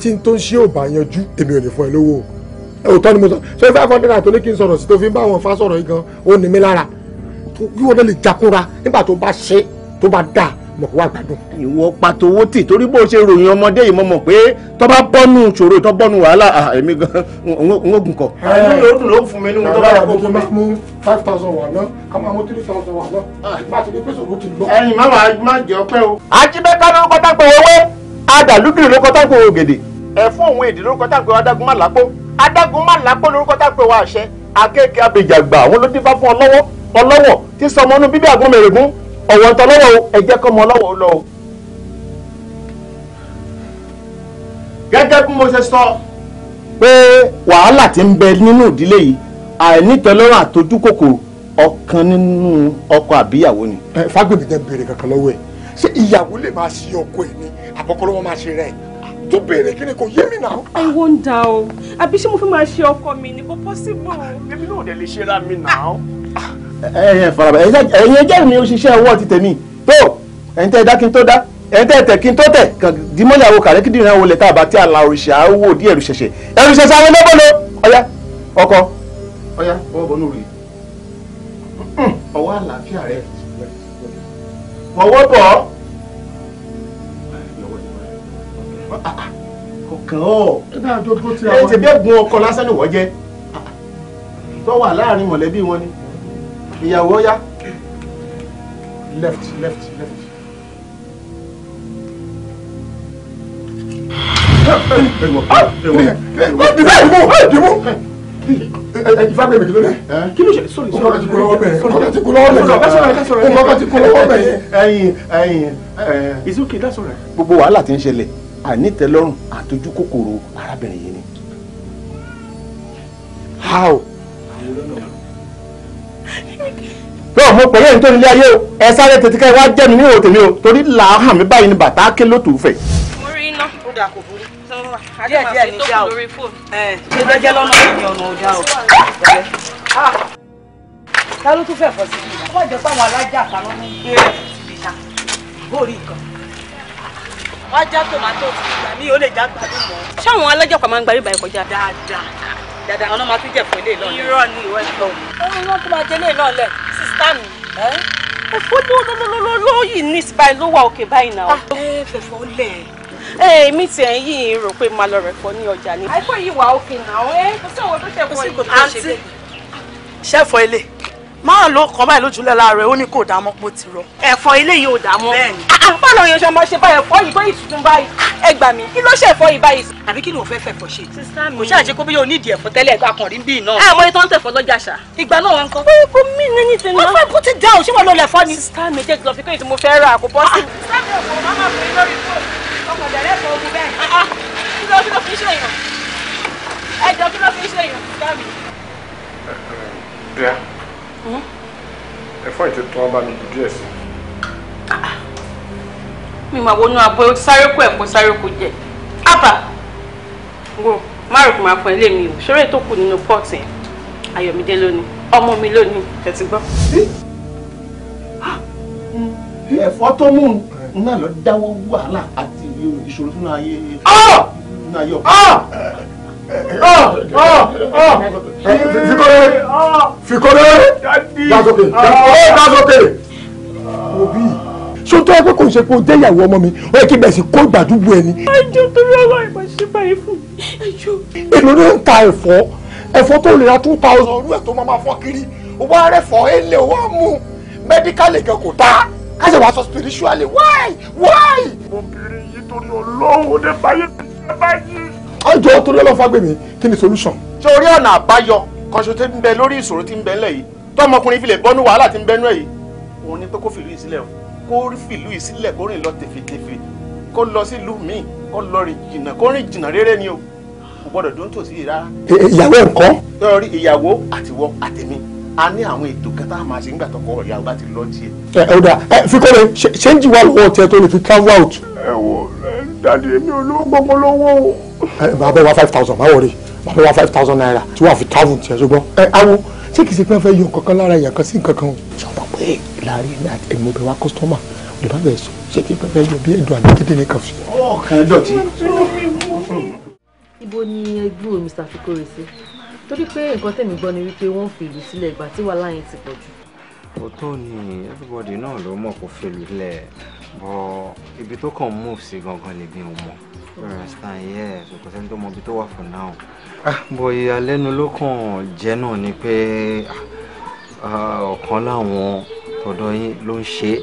tí n tó ń ṣe ò yanjú èmi ò lè fún ẹ lówó o òótọ́ ni mo sọ ṣé five hundred naira tó ní kí n sọ̀rọ̀ sí tó fi ń bá àwọn fa sọ̀rọ̀ yìí gan ó ní mi lára yíwọ́n náà lè jakunra nígbà tó bá ṣe tó bá dáa lọ wá gbádùn. ìwọ pàtó owó tì torí bó ṣe ròyìn ọmọdé yìí mo mọ̀ pé tó bá bọ́nu ṣòro tó bọ́nu wàhálà èmi gan n ó gùn kọ. ẹnu ló dùn ló fún mi nínú tó bá yà kó fún mi. five thousand wà náà ká máa mú three thousand wà náà bá ti di pé sòrò ti lọ. ẹyin má máa má jẹ ọpẹ o. ajibẹta ló kọta pé owó adàlúgìrì ló kọta pé ògèdè ẹfún òun èdè ló kọta pé adágún má lápò adágún má lápò ló kọta pé wàá ṣẹ akéèké abèjàgbà àwọn ló dín bá fún ọlọ́wọ́ ọlọ́wọ́ tí sọmọ́nú bíbí àgbọ̀n ọ̀wọ̀ ń tọ́lọ́wọ́ o ẹ jẹ́ kọ́mọ ọlọ́wọ́ ó lọ o. gẹ́gẹ́ bí mo ṣe sọ pé wàhálà ti ń bẹ nínú ìdílé yìí àìnítẹ́lọ́rùn àtọ́jú kòkòrò ọ̀kan nínú ọkọ àbíyàwó ni. ẹ fagbemi tẹ béèrè kankan lọwọ ẹ ṣé ìyàwó lè máa ṣe ọkọ ẹ ní àbọ̀kọ́lọ́wọ́ máa ṣe rẹ̀ tó béèrè kí ni kò yé mi náà. ẹ wo ń da o àbí ṣé mo fi máa ṣe ọkọ mi ni kò possible. èmi náà ò dẹ̀ lè ṣe ra mi náà. Ah, ẹyẹ farabalẹ̀ ẹyẹ jẹ́rìí mi òṣìṣẹ́ ọwọ́ ti tèmi tó ẹ̀yin tẹ́ ẹ dá kí n tó dá ẹ̀yin tẹ́ ẹ tẹ̀ kí n tó tẹ̀ dìmọ́lẹ̀ àwọn kàrẹ́ kíndìnrín àwọn olè tàbá tí àlà òrìṣà wò dí ẹ̀rù ṣẹ̀ṣẹ̀ ẹ̀rù ṣẹ̀ṣẹ̀ àwọn ẹlẹ́bọ̀lọ́ ọ̀yá ọkọ ọ̀yá ọwọ́ bọ̀ lórí ọwọ́ àlàáfíà rẹ̀ ọwọ́ bọ̀ ọkàn ọ̀ ẹ̀ tẹ̀bí ẹ̀gbọ́n ọkọ lásán ni wọ́n jẹ́ tọ́wà láàrin mọ̀lẹ́bí wọn ni ìyàwó ọ̀yá left left left. ìfàgbẹ́mi kìlọ̀ dẹ̀. kí ló ṣe sọ̀rọ̀ sọ̀rọ̀ ọkọ̀ ti kú lọ́wọ́ bẹ̀rẹ̀ ọkọ̀ ti kú lọ́wọ́ bẹ̀rẹ̀ ọkọ̀ ti kú lọ́wọ́ bẹ̀rẹ̀ ẹyin ẹyin. it's okay that's all right. gbogbo wàhálà tí ń ṣẹlẹ̀ àìnítẹ́lọ́rùn àtọ́jú kòkòrò arábìnrin yìí ni. how yóò mú pẹ̀lú ẹ̀yìn tó nílé ayé o ẹ sáré tètè ká ẹ jẹ́ mi ní ìhò tèmi o torí làáhà mi báyìí ni bàtà ké ló tù fẹ̀. mo rí iná ó dà kò burú díẹ̀ díẹ̀ ní ìjà o ẹ ẹ jẹ́ lọ́nà ìyẹn ọ̀nà ọ̀dà o ta ló tún fẹ́ fọ́ sí i ó bàjẹ́ páwọn alájà àtàwọn ọmọ ìgbé ìta bóòrí nǹkan wá tòmátò ìgbà mi ò lè já gbàdúrà mọ́. ṣáwọn alájà pa máa ń gbarí dada ọ̀nà máa tún jẹ fún ilé ìlọ́ọ̀lẹ́. irọ́ ni ìwọ ẹ̀tọ́. ọmọ náà tó máa jẹ ilé ìlọ́ọ̀lẹ́ sísítà mi. ẹ̀fọ́ lóyìí ní ìsìbáyé ló wà òkè báyìí náà. Ah, ẹ fẹ̀fọ́ lẹ̀ èmi tiẹ̀ ń yí rò pé máa lọ rẹ̀fọ́ ní ọjà ni. àìpẹ́ yìí wà òkè náà ẹ kò sí òwò tó ṣẹ̀fọ́ ilé. ṣẹ̀fọ́ ilé máa ló kọ́ báyìí lójúlẹ̀ láàárọ̀ ó ní kò dá mọ́ pò ti rọ. ẹ̀fọ́ ilé yìí ò dá mọ́. Ah, ah, báwo ni oṣù ọmọ ṣe bá ẹ̀fọ́ yìí bóyìí tuntun báyìí ẹ gbà mí kí ló ṣe ẹ̀fọ́ yìí báyìí. àbí kí ló fẹ́ fẹ̀fọ́ ṣe. kò ṣáà ṣe kó bóyá onídìí ẹ̀fọ́ tẹ́lẹ̀ akọ̀rin bíi náà. ẹ àmọ́ ìtọ́ ń tẹ̀fọ́ lọ́jà ṣá. ìgbà náà wọn kọ́. bó mi ní ní tèmi. wọ́n fẹ́ put it down ṣé wọ́n lọ lẹ̀ fọ́ ni. sísá mi jẹ́ ìlọfi kéyìí tí mo fẹ́ ra àkó bọ́ sí. Ah, sísá mi ò fọ máma fún mi lórí fóònù ọkọ̀ dẹ̀rẹ́ fọ ẹ̀fọ́ ìtì tó wọn bá mi jù díẹ̀ sí. Ah, ah. mi máa wọnú abọ́ sáré kó ẹ̀kọ́ sáré kó jẹ ábà wo márùkù máa pọ̀ ilé mi o ṣeré tó kù nínú pọ́ọ̀tì yẹn ayọ̀mídé lónìí ọmọ mi lónìí ẹ ti gbọ́. Ah! ẹ̀fọ́ tó mú un náà lọ dáwọ́ wàhálà àti ìṣòro tó náà yé ọkọ̀ fikore fikore that's okay that's okay obi sotọ to pé kò ṣe pé o jẹ ìyàwó ọmọ mi ó yẹ kí bẹ̀rẹ̀ sí kó ìgbàdúgbò ẹni. ẹjọ́ torí ọwọ́ ìgbà ṣe báyìí fún mi ẹjọ́. èlò ló ń ta ẹ̀fọ́ ẹ̀fọ́ tó lè ra two thousand olú ẹ̀ tó máa ma fọ́ kiri owó arẹ́fọ́ ele owó mú mẹ́díkàlì gan kò tá a ṣe wàá sọ spiritually why why. obìnrin yìí torí olówó ní báyìí báyìí ọjọ́ torí ọlọ́fàgbèmí kí ni solution. ṣé orí ọ̀nà àbáyọ kan ṣo tí ń bẹ lórí ìṣòro tí ń bẹ ńlẹ̀ yìí tọmọkùnrin fi lè bọ́nú wàhálà tí ń bẹ nú ẹ̀ yìí òun ni pé kó fìlú yìí sílẹ̀ o kó fìlú yìí sílẹ̀ kó rìn lọ tèfètèfè kó lọ sílùú míì kó lọ rìn jìnnà kó rìn jìnnà réré ni o kò gbọ́dọ̀ dún tòsí yìí rárá. ìyàwó ẹ̀ ń kọ́. ìyàwó àtiwọ́ àtèmi a ní àwọn ètò kẹta àmà ṣe nígbà tọkọ ọ̀yà ọba ti lọ tiẹ̀. ẹ ẹ ọ̀dà ẹ fikọ́lẹ̀ ṣé ń jìwà lọ́wọ́ tiẹ̀ tó lè fi come out. ẹ wo dàdí èmi olówó gbogbo lówó o. ẹ bàbá wa five thousand báwo rè bàbá wa five thousand naira tí wàá fi travel tiẹ̀ ṣùgbọ́n. ẹ awo ṣé kìí ṣe pé fẹ́ yọ kankan lára ìyà kan sí kankan o. sọ̀rọ̀ pé láàrin ní àti èmi obìnrin wa kọ́sítọ́mà ìbá bẹ̀ sọ ṣé kìí fẹ́ yọ bí ẹ̀dùn àdékédé ní ibo ni ẹgbẹ́ Mr. Fikore sí torí pé nǹkan tẹ̀mí gbọ́ ni wípé wọ́n fi ìlú sílẹ̀ ìgbà tí wàhálà yẹn ti pọ̀ jù. òótọ́ ni everybody náà ló mọ̀ kó fèlú lẹ̀ bọ́ ibi tó kàn move sí gangan lèmi ò mọ̀ understand yes kò sẹ́ni tó mọ ibi tó wà for now. Ah, bọ̀ ìyàlẹ́nu ló kàn jẹ́ náà ni pé ah, ah, ọ̀kan láwọn tọ̀dọ̀ yín ló ń ṣe é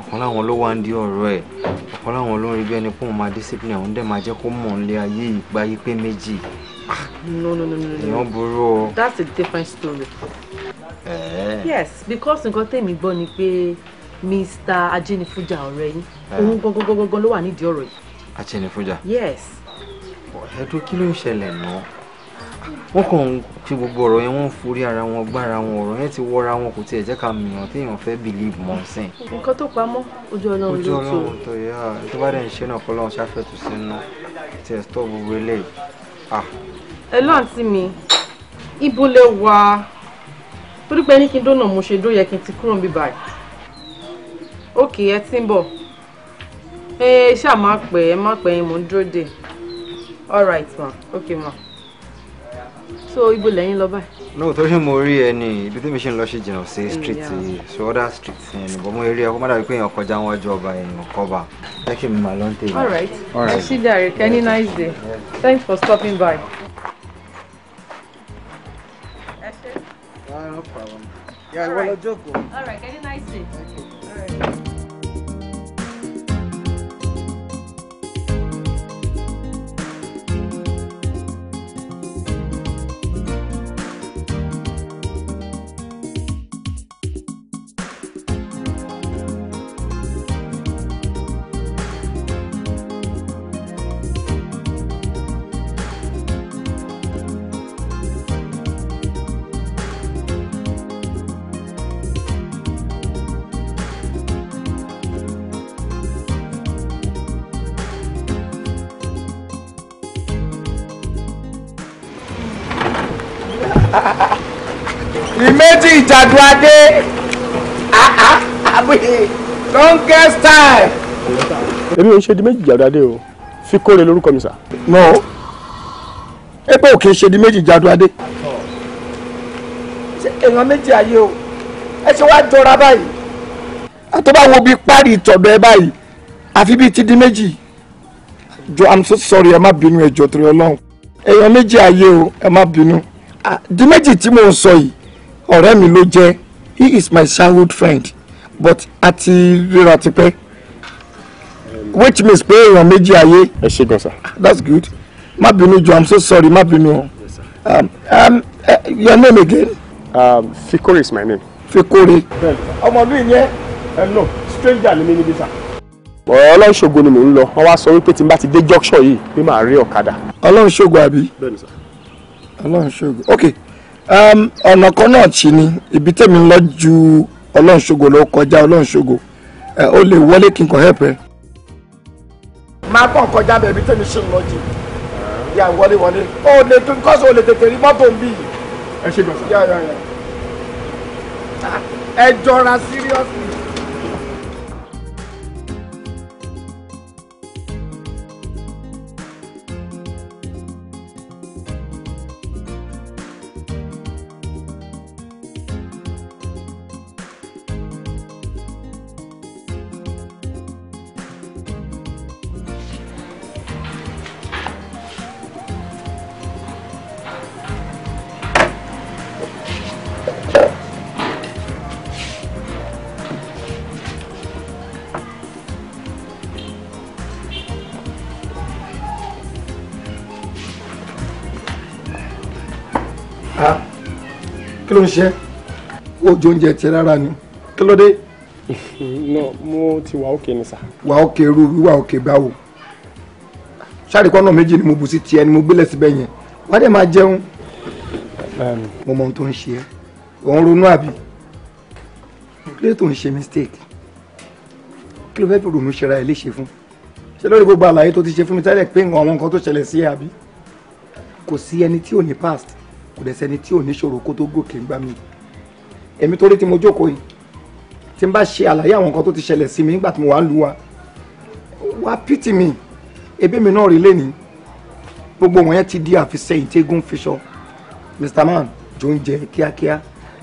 ọ̀kan láwọn ló wá ń di ọ̀rọ̀ ẹ̀ ọ̀kan láwọn ló ń rí bí ẹni pé òun máa discipline òun dẹ̀ máa jẹ́ kó mọ̀ nílé ayé ìgbáyé pé méjì no no no no no. ìyàn burú that's a different story. Eh. yes because nǹkan tèmi gbọ́ ni pe, mr Ajinifuja ajenifuja ọ̀rẹ́ yín eh? òun gbọ́ngbọ́ngbọ́n ló wà nídìí ọ̀rọ̀ yìí. ajenifuja. yes. ẹ̀dùn kí ló ń ṣẹlẹ̀ náà wọ́n kàn ń fi gbogbo ọ̀rọ̀ yẹn wọ́n ń forí ara wọn gbára wọn ọ̀rọ̀ yẹn ti wọ́ra wọn kò tiẹ̀ jẹ́ ká mìíràn téèyàn fẹ́ believe mọ́ sìn. nǹkan tó pamọ́ ojú ọlọ́run ló tó ojú ọlọ́run tó yá tó bá dẹ̀ ń ṣe náà kọ́ lọ́run ṣáfẹ́tù sínú tiẹ̀ stop gbogbo eléyìí ah, Hello àǹtí mi ibo lẹ wà torí pé ní kí n dónà mo ṣe dó yẹ kí n ti kúrò níbí báyìí ok ẹ ti ń bọ̀ ẹ ṣáà má pẹ́ ẹ má pẹ́ yín mò ń dúró dè ma Okay, ma so ibo lẹ́yìn lọ báyìí. no torí mo rí ẹni ibi tí mi ṣe ń lọ ṣe jìnnà street So other street ẹni bọ́ mo da ẹ kó má dàbí pé èèyàn kọjá wọn jọ ọba èèyàn kọba jẹ́ kí n máa lọ ń tèmi. alright ẹ ṣí dàrí kẹ́ni nice day thanks for stopping by. problem. Yeah, all right. well, I'll All right, get a nice day. Thank you. All right. àdúrà longest time. èmi ò ń ṣe di méjì jàdúrà dé o fi kóre lórúkọ mi sà. no ẹ pé òkè ṣe di méjì jàdúrà dé. èèyàn méjì ayé o ẹ ṣe wá jọra báyìí. àtọ́ bá wo bí báyìí àfi bíi ti di méjì jọ i'm so sorry ẹ má bínú ẹ jọ torí Ọlọ́run èèyàn méjì ayé o ẹ má bínú ah, di méjì tí mò ń sọ yìí ọ̀rẹ́ mi ló jẹ́ he is my childhood friend but a ti ríra tipẹ́ which means pé èèyàn méjì ayé. ẹ ṣe gan sa. that's good má bínú jọ̀ọ́ i'm so sorry má bínú o um, um, eh, your name again. Um, Fikore is my name. Fikore. ọmọlúwa yẹn ẹ lọ stranger ni mi níbi sá ọlọ́ṣogun ni mò ń lọ wọ́n wá sọ wípé tí n bá ti dé junction yìí pé màá rí ọ̀kadà. ọlọ́ṣogun àbí ọlọ́ṣogun ok Um, ọ̀nà kan náà ṣì ni ibi tèmi ń lọ ju ọlọ́run ṣògo lọ kọjá ọlọ́run ṣògo ó lè wọlé kí n kàn help ẹ. máa kàn kọjá bẹ̀ ibi tèmi ṣì ń lọ jù yà wọlé wọlé ó lè tó kọ́sọ̀ ó lè tètè rí mọ́tò ń bì yìí. ẹ ṣe gbọ̀nsán. Ah, ẹ jọra seriously. ló ń ṣe ojú oúnjẹ tiẹ̀ rárá ni kí ló dé. no mo ti wà òkè ni sà. wà òkè irú wíwà òkè báwo ṣáàrì kọ́nà méjì ni mo bù sí tiẹ̀ ni mo gbélé síbẹ̀ yẹn wà á dẹ̀ máa jẹun. mo mọ ohun tó ń ṣe ẹ́ òun ronú àbí kí ló tó ń ṣe mistake kí ló fẹ́ fi ronú ṣe ra ẹ̀ léṣe fún ṣe lórí gbogbo àlàyé tó ti ṣe fún mi tẹ́lẹ̀ pé àwọn nǹkan tó ṣẹlẹ̀ sí ẹ àbí kò sí ẹni tí ò ní past kò dẹ̀ sẹ́ni tí ò níṣòro kó tó gòkè ń gbá mi èmi torí tí mo jókòó yìí tí n bá ṣe àlàyé àwọn nǹkan tó ti ṣẹlẹ̀ sí mi nígbà tí mo wà ń lu wa wá pìtì mi ebi mi náà rí lẹ́ni gbogbo wọn yẹn ti di àfisẹ́yìn tí eégún mr man jò ń jẹ kíákíá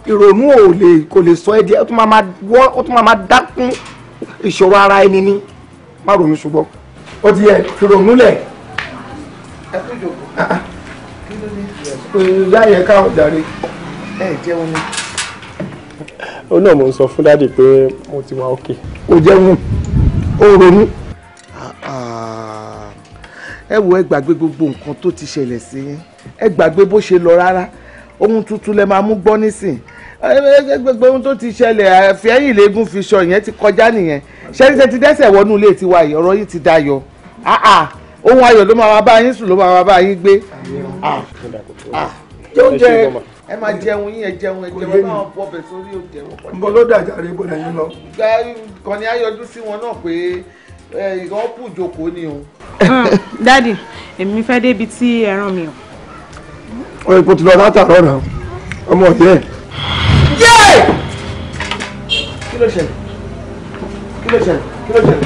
ìrònú ò lè kò lè sọ ẹ di ó tún máa wọ ó tún máa dákún ìṣòro ara ẹni ní má ronú ṣùgbọ́n ó ti yẹ fi ronú ẹ tún jókòó láyé káwọn jàre ẹ jẹun ni. ó náà mo ń sọ fún dáàdì pé mo ti wá òkè. o jẹun ó ronú. ẹ wo ẹ gbàgbé gbogbo nǹkan tó ti ṣẹlẹ̀ sí yín ẹ gbàgbé bó ṣe lọ rárá ohun tuntun lẹ máa mú gbọ́ nísìn gbogbo ohun tó ti ṣẹlẹ̀ àfẹ́yìn lẹ́gùn fi sọ yẹn ti kọjá nìyẹn ṣẹ́ríṣẹ́ ti dẹ́sẹ̀ wọnú ilé tiwa yìí ọ̀rọ̀ yìí ti dayọ̀ ah, ah. ohun ayọ̀ ló máa bá yín sùn ló máa bá yín gbé jẹ oúnjẹ ẹ máa jẹun yín ẹ jẹun ẹ jẹun náà bọbẹ sórí oúnjẹ wọn kọjá. nbọ ló dàjà rẹ bọdà yín lọ. kàn ní ayọjú sí wọn náà pé ìgbà ọ̀pù ìjókòó ni o. Hmm, dádì èmi fẹ́ débi tí ẹran mi o. ọ̀rẹ́ kò ti lọ látàárọ̀ náà ọmọ ọ̀yẹ́. kí ló ṣẹlẹ̀ kí ló ṣẹlẹ̀ kí ló ṣẹlẹ̀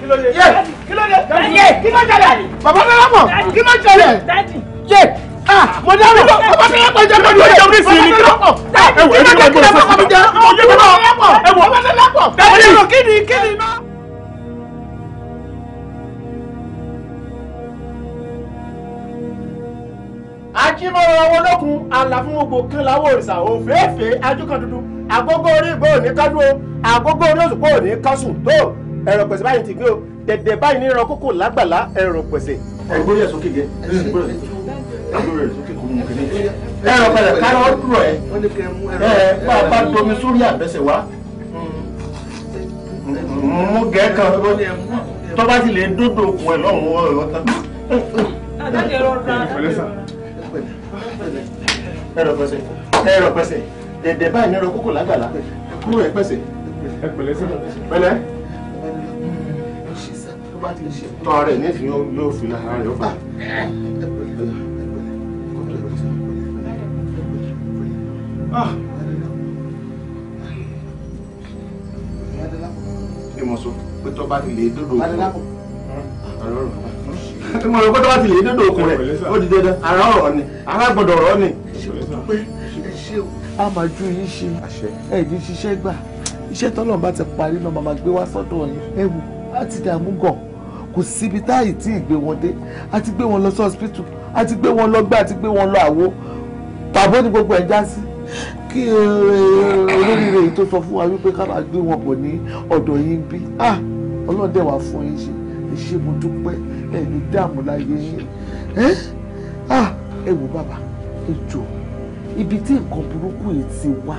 kí ló ṣẹlẹ̀ kí ló dé kí ló jẹlẹ bàbá mi lápò kí ló jẹlẹ yé mo ní àlọ́ bàbá mi lápò jẹ́ mi lóye mi sí ni kí ló pọ̀ ẹ wò ẹ ní ìgbà gbọ́dọ̀ sọ́kọ́ ojú mi náà ẹ wò bàbá mi lápò dájú kí ni kí ni náà. ajímọ̀ràn owó lókun àlàfúnwògbò kan láwọ̀ òrìṣà òféèfé ajúkan dúdú àgógó orí ìgbó òní kọ́dún o àgógó orí òṣùpá òní kọ́sùn tó ẹ̀rọ pèsè báyìí ti gbé o dẹ̀dẹ̀ báyìí níran kókò lágbàlá ẹ̀rọ pẹ̀sẹ̀. ẹgbẹ́ yẹ̀ sókè gẹ́ ẹ̀rọ padà kárọ̀ ọ̀dúrọ̀ ẹ̀ ẹ̀ bá a bá domi sórí àbẹ̀sẹ̀ wá mú gẹ́ kan tó bá ti lè dódò òkú ẹ̀ lọ́hùn ọ̀rọ̀ tán. ẹ̀rọ pẹ̀sẹ̀ ẹ̀rọ pẹ̀sẹ̀ dẹ̀dẹ̀ báyìí níran kókò lágbàlá kúrò ẹ̀ pẹ̀sẹ̀ pẹ̀lẹ́ bá ti ṣe. tọ́ ara ẹ̀ nísìnyí yóò fi ara rẹ̀ fà. Ah! bí mo sọ pé tọ́ bá ti lè dòdò okun rẹ̀ mo rò pé tọ́ bá ti lè dòdò okun rẹ̀ ó di dandan ara ọ̀rọ̀ ni ara gbọ́dọ̀ ọ̀rọ̀ ni. ṣé o dúpẹ́ ẹ ṣé o a máa ju yín ṣe ẹ̀ ní ṣiṣẹ́ gbà iṣẹ́ tọ́lọ́run bá ti parí náà màmá gbé wá sọ́dọ̀ yín ẹ wò láti dààmú gan-an kò síbi táyì tí ì gbé wọn dé a ti gbé wọn lọ sí hospital a ti gbé wọn lọ gbé a ti gbé wọn lọ àwo pàbó ni gbogbo ẹ̀ já sí kí eh, eh, olóríire yìí tó sọ fún wa wípé ká máa gbé wọn bọ̀ ní ọ̀dọ̀ yín bí ah! ọlọ́dẹ wà fún yín ṣe ẹ ṣé mo dúpẹ́ ẹ ní dààmú láyé yín ẹ ah! wò bàbá ẹ jọ ibi tí nǹkan burúkú yìí ti wá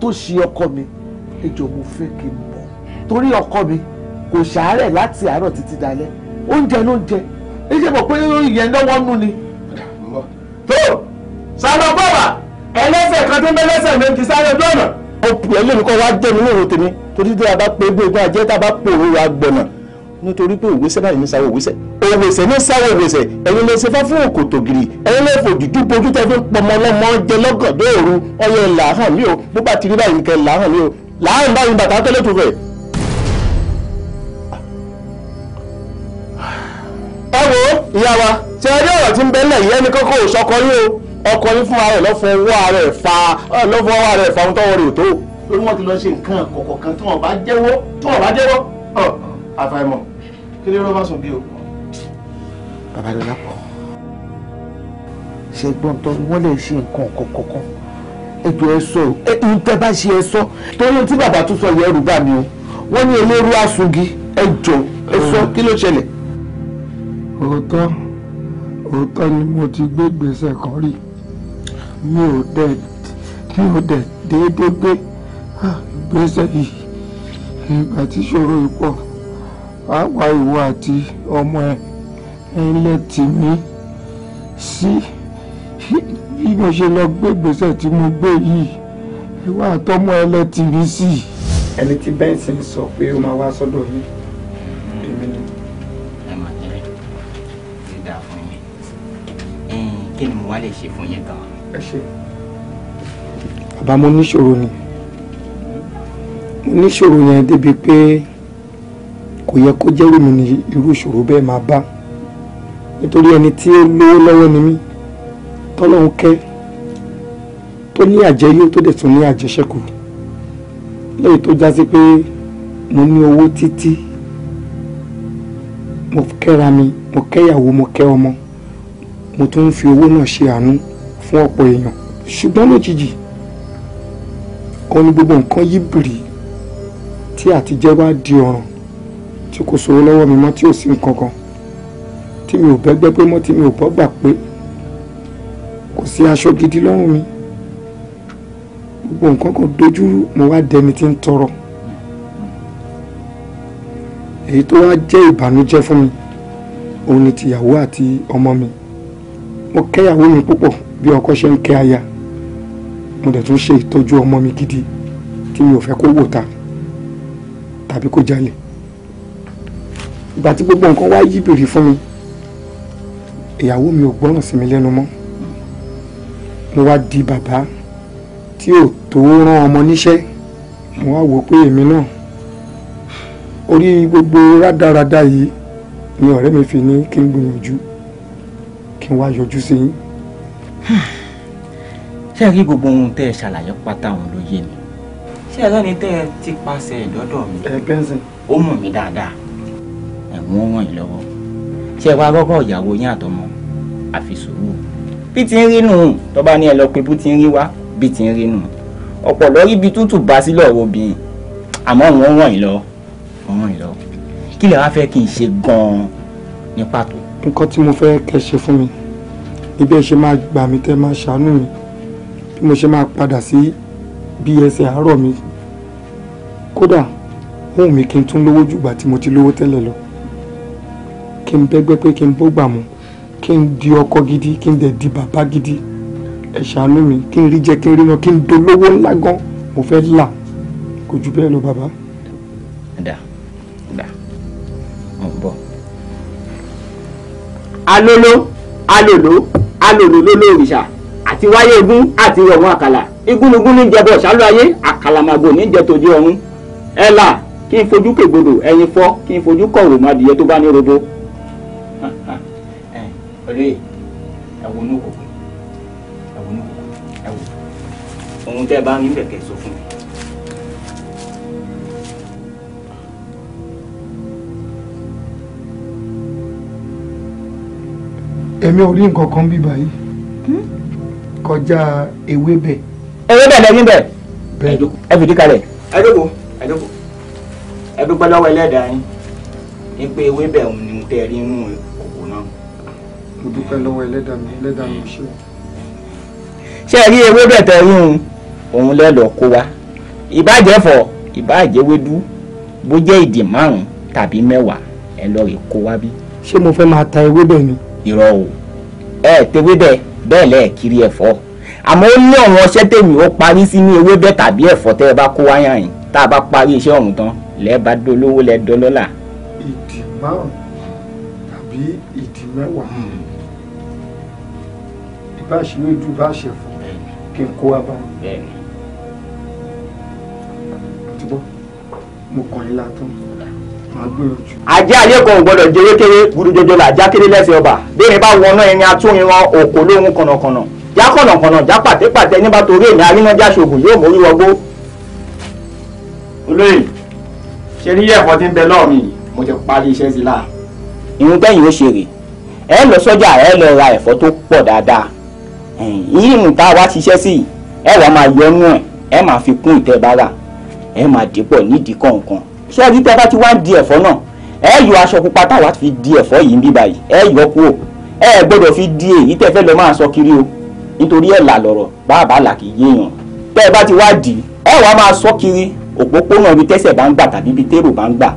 tó ṣe ọkọ mi ẹ jọ mo fẹ́ kí n mọ̀ torí ọkọ mi kò ṣàárẹ̀ láti àárọ̀ títí dalẹ́ oúnjẹ ló ń jẹ ẹ ṣe mọ̀ pé ìyẹn lọ́wọ́ nú ni. tó sálọ bọ́ọ̀bà ẹlẹ́sẹ̀ kan tó ń bẹ́lẹ́sẹ̀ méjì sáré dọ́nà. ó pè é lèmi kọ́ wá jẹ́ mi ní òun tèmi torí tí a bá pé gbégbé ajẹ́ tá a bá pè òun wa gbọ̀nà nítorí pé òwúsẹ́ báyìí ní sáwọ́ òwúsẹ́ òwúsẹ́ ní sáwọ́ òwúsẹ́ ẹ̀yin lè ṣe fá fún òkòtò gírì ẹ̀yin lè fòjújú bojú tẹ́ fi pọmọ ọlọ́mọ jẹ lọ́gàn dóòru ọyẹ làáhàn mi o bó bá ti rí báyìí nìkan làáhàn mi o làáhàn báyìí bàtà tẹ́lẹ̀ tó fẹ́ ẹ wo ìyá wa tí ẹ rí ọ̀rọ̀ tí ń bẹ lẹ̀ yìí ẹni kọ́kọ́ sọkọ yín o ọkọ yín fún ara ẹ̀ lọ́fọ̀ ọwọ́ ara ẹ̀ fa lọ́fọ̀ ọwọ́ ara ẹ̀ fa ohun tọ́wọ́ rẹ̀ ò tó. pé wọ́n ti lọ ṣe nǹkan kọ̀kọ̀ kan tí wọ́n bá jẹ́wọ́ tí wọ́n bá jẹ́wọ́ àfàìmọ̀ kí ló bá sùn bí o. babalọla kọ ṣe gbọ́n tó wọ́n lè ṣe nǹkan kọ̀kọ̀kan ètò ẹ sọ ohun tẹ bá ṣe ẹ sọ torí tí bàbá tún sọ yẹrù bá mi o wọ́n ní eléru asungi ẹ jọ ẹ sọ kí ló ṣẹlẹ̀ òótọ́ òótọ́ ni mo ti gbé gbèsè kan rí mi ò dẹ̀ mi ò dẹ̀ déédéé gbé gbèsè yìí ìgbà tí ṣòro ipò pàápàá ìwọ àti ọmọ ẹ ilé tì mí sí bí mo ṣe lọ gbé gbèsè tí mo gbé yìí ìwọ àtọmọ ẹ lẹ tì mí sí. ẹni tí bẹ́ńsì sọ pé ó máa wá sọ́dọ̀ yìí mo wá lè ṣe fún yín gan. ẹ ṣe bàbá mo níṣòro ni mo níṣòro yẹn débi pé kò yẹ kó jẹ́rù mi ní irú ìṣòro bẹ́ẹ̀ máa bá nítorí ẹni tí ó lówó lọ́wọ́ ni mí tọ́lọ́hún kẹ́ tó ní àjẹyó tó dẹ̀ tún ní àjẹṣẹ́kù lẹ́yìn tó já sí pé mo ní owó títí mo kẹ́ra mi mo kẹ́ ìyàwó mo kẹ́ ọmọ mo tún ń fi owó náà ṣe àánú fún ọ̀pọ̀ èèyàn ṣùgbọ́n lójijì ó ní gbogbo nǹkan yí bìrì tí àtijẹ́ wá di ọ̀ràn tí kò sòrò lọ́wọ́ mi mọ́ tí ò sí nǹkan kan tí mi ò bẹ́gbẹ́ pé mọ́ tí mi ò bọ́ gbà pé kò sí aṣọ gidi lọ́rùn mi gbogbo nǹkan kan dojú mo wá dẹni tí ń tọrọ èyí tó wá jẹ́ ìbànújẹ́ fún mi òun ni tìyàwó àti ọmọ mi mo kẹ́yàwó mi púpọ̀ bí ọkọ ṣe ń kẹ́ aya mo dẹ̀ tún ṣe ìtọ́jú ọmọ mi gidi tí mi ò fẹ́ kó wò ta tàbí kó jalè ìgbà tí gbogbo nǹkan wá yí bèrè fún mi ìyàwó mi ò gbọ́ràn sí mi lẹ́nu mọ́ mo wá di bàbá tí ò tó rán ọmọ níṣẹ́ mo wá wò pé èmi náà orí gbogbo rádaràda yìí ni ọ̀rẹ́ mi fi ní kí n gbìyànjú kí n wá yọjú sí yín. ṣé ẹ rí gbogbo ohun tẹ́ ẹ ṣàlàyé pátá òun ló yé mi ṣé ẹ lẹ́ni tẹ́ ẹ ti paṣẹ ìdọ́dọ̀ mi. ẹ bẹ́sẹ̀. ó mọ̀ mí dáadáa ẹ̀wọ̀n ó ràn yín lọ́wọ́ ṣé ẹ wá rọ́rọ́ ìyàwó yín àtọmọ àfi sùúrù bí ti ń rí nù tó bá ní ẹ lọ pé bó ti ń rí wá bí ti ń rí nù ọ̀pọ̀lọ́ rí ibi tútù bá sí lọ́wọ́ obìnrin àmọ́ òun ràn yín lọ́wọ́ kí lè wá fẹ́ kí n ṣe gan-an ní pàtó nǹkan tí mo fẹ́ kẹ́ ṣe fún mi ibi ẹ ṣe máa gbà mí tẹ́ máa ṣàánú mi bí mo ṣe máa padà sí bí ẹsẹ̀ àárọ̀ mi kódà ohun mi kí n tún lówó jùgbà tí mo ti lówó tẹ́lẹ̀ lọ kí n bẹ́gbẹ́ pé kí n bó gbà mú kí n di ọkọ gidi kí n dẹ̀ di bàbá gidi ẹ ṣàánú mi kí n rí jẹ kí n rí lọ kí n dolówó ńlá gan mo fẹ́ là kò jù bẹ́ẹ̀ lọ bàbá. dà dà ọ̀ bọ̀ alóló alòló alòló lóló òrìṣà àti wáyé egún àti ọ̀wọ́n àkàlà igúnnugún ní jẹbọ ṣálú ayé àkàlàmàgbò ní jẹ tòjú ọ̀run ẹ là kí n fojú kègbodò ẹyin fọ́ kí n fojú kọ̀wò má dìyẹ tó bá ní robo. ọ̀rẹ́ ẹ̀wọ̀n ní òkòkò ẹ̀wọ̀n ní òkòkò ẹ̀wọ̀n ohun tẹ́ ẹ bá ń bẹ̀kẹ́ sọ fún èmi ò rí nǹkan kan bí báyìí hmm? kọjá ewébẹ̀. ewébẹ̀ lẹ́yìn bẹ̀. bẹ́ẹ̀ ẹ fìdí kalẹ̀. ẹ dóko ẹ dóko ẹ dúpẹ́ lọ́wọ́ ẹlẹ́dàá yín ní pé ewébẹ̀ ni mo tẹ́ rí inú òkú náà. mo dúpẹ́ lọ́wọ́ ẹlẹ́dàá mi ẹlẹ́dàá mi ṣe. ṣé ẹ rí ewébẹ̀ tẹ rí un òun lẹ́lọ́ọ́ kó wa ìbàjẹ́ fọ̀ ìbàjẹ́ wédú bó jẹ́ ìdì márùn-ún tàbí mẹ́wàá ẹ lọ́ọ́ rí kó wa bí. ṣé mo fẹ́ máa ta ewébẹ̀ ni irọ́ o ẹ tewébẹ̀ bẹ́ẹ̀ lẹ́ẹ̀ kiri ẹ̀fọ́ ó ní àwọn ọṣẹ́ tèmi ó parí sí ní ewébẹ̀ tàbí ẹ̀fọ́ tẹ́ ẹ bá kó wáyà yìí tá a bá parí iṣẹ́ ọ̀hún tán lẹ́ẹ̀ bá dolówó lẹ́ẹ̀ dọlọ́là. ìdì márùn tàbí ìdì mẹ́wàá ìbáṣe ló dùn bá ṣe fún kí n kó wa bá wọn. mo kàn yín látọ̀ ajá ayé kan ò gbọdọ̀ jẹ́ yékéré gudujojo là já kéré lẹ́sẹ̀ ọba béèrè bá wọnà ẹni atúnyìnrán òkò lóhun kànàkànà já kànàkànà já pàtẹ́pàtẹ́ nígbà torí èmi arínájá ṣògùn yóò mórí wọgbó. olóyè ṣe ní yẹ̀fọ́ tí ń bẹ lọ́ọ̀ mi mo ti parí iṣẹ́ sí i láà. ìhun tẹ́yìn ó ṣe rè ẹ lọ sọ́jà ẹ lọ ra ẹ̀fọ́ tó pọ̀ dáadáa yìí nù tá a wá ṣiṣẹ́ sí ẹ wàá máa yọnú ẹ ẹ máa fi kún ìtẹ́ bára ẹ máa dìpọ̀ nídìí kọ̀ọ̀kan ṣé ẹ rí tẹ́ bá ti wá ń di ẹ̀fọ́ náà ẹ yọ aṣọ pupa táwa fi di ẹ̀fọ́ yìí níbí báyìí ẹ yọ kúrò ẹ gbọ́dọ̀ fi di èyí tẹ́ fẹ́ lọ máa sọ kiri o nítorí ẹ̀ là lọ̀rọ̀ bàbá là kì í yéèyàn tẹ́ ẹ bá ti wá dì í ẹ wàá máa sọ kiri òpópónà ibi tẹ́sẹ̀ bá ń gbà tàbí ibi térò bá ń gbà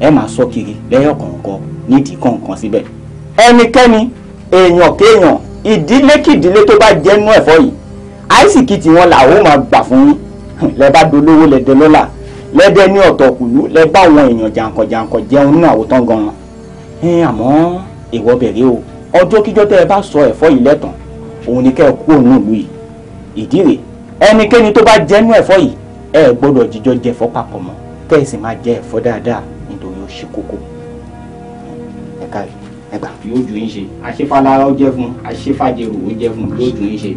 ẹ máa sọ kiri lẹ́yọ̀ kọ̀ọ̀kan nídìí kọ̀ọ̀kan síbẹ̀ ẹnikẹ́ni èèyàn kéèyàn ìdílé kìdílé tó bá jẹ́nu ẹ̀fọ́ yìí àìsíkì tí wọn làwọn máa gbà fún yín lẹ bá dolówó lẹ dẹ lọ́là lẹ́dẹ́ ní ọ̀tọ̀kùlú lẹ bá àwọn èèyàn jàǹkànjàǹkàn jẹun nínú àwòtán gan-an ẹ̀ẹ́n àmọ́ ìwọ bẹ̀rẹ̀ o ọjọ́ kíjọ́ tẹ́ ẹ bá sọ ẹ̀fọ́ yìí lẹ́tàn òun ni kẹ́ ẹ kúrò nínú ìlú yìí ìdí rẹ̀ ẹnikẹ́ni tó bá jẹ́nu ẹ̀fọ́ yìí ẹ gbọ́dọ̀ jíjọ jẹ̀fọ́ papọ̀ mọ́ kẹ́ ẹ sì máa jẹ ẹ̀fọ́ dáadáa nítorí ó ṣe kókó ẹ káyọ̀ ẹ gbà. yóò dùn í ṣe àṣefàlà ó jẹ fún àṣefàjẹrò ó jẹ fún yóò dùn í ṣe.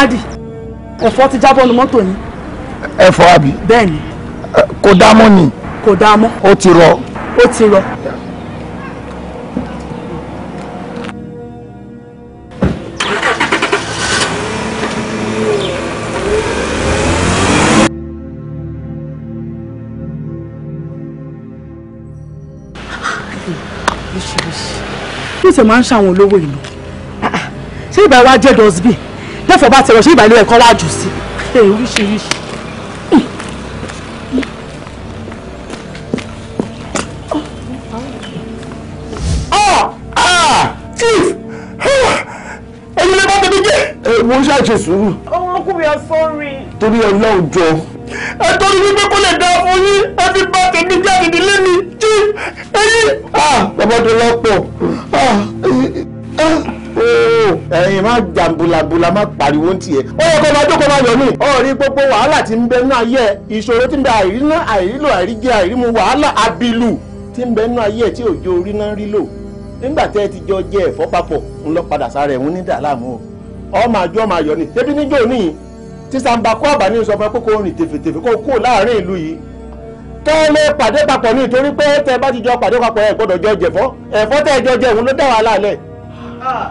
dádì ẹ̀fọ́ ti jábọ́ nu mọ́tò yín. ẹ̀fọ́ àbí. bẹ́ẹ̀ni. kò dá mọ́ ni. kò dá mọ́. ó ti rọ. ó ti rọ. bí ó ṣe máa ń ṣàwọn olówó ìlú ah, ah. ṣé ìbá jẹ́ dọ́sbì bẹ́fọ̀ bá ti rọ̀ sí ìbàlẹ̀ ẹ̀kọ́ wájú sí ẹ oríṣiríṣi. ẹni lè bá tẹ̀lé jẹ́. ẹ wọ́n ṣàṣe sùúrù. ọmọkùnrin ẹ sọ́ọ̀rì. torí ọlọ́run jọ. ẹ tọ́jú wípé kó lè dáa fún yín ẹ fi bá tẹ̀lé jáde nílé mi jí ẹyí. Ah, bàbá tó lọ pọ̀. Ah, eh, eh, ah ooo ẹ̀yin má jàǹbùlàbùlà má pariwo tiẹ̀. ó yẹ kó máa jókòó máa yọ̀ mí. ọ̀rí gbogbo wàhálà tí ń bẹ nínú ayé ìṣòro tí ń bẹ àìríná àìrílò àìríjẹ àìrímu wàhálà abilu tí ń bẹ nínú ayé tí òjò orí náà rí lò. nígbà tẹ́ ẹ ti jọ jẹ ẹ̀fọ́ papọ̀ ń lọ padà sára ẹ̀hún ní dàlámù o. ọmọ àjọ ọmọ àyọ̀ ni tẹ́bí níjó níyìn tí sàǹbàkú àbáni sọ fún ẹ kókó rìn tèfètèfè kó kó láàárín ìlú yìí tẹ́ lé pàdé papọ̀ ní ìtorí pé tẹ́ bá ti jọ pàdé papọ̀ ẹ gbọ́dọ̀ jọ jẹ̀fọ́ ẹ̀fọ́ tẹ́ jọ jẹ òun ló dá wàhálà lẹ̀. Ah.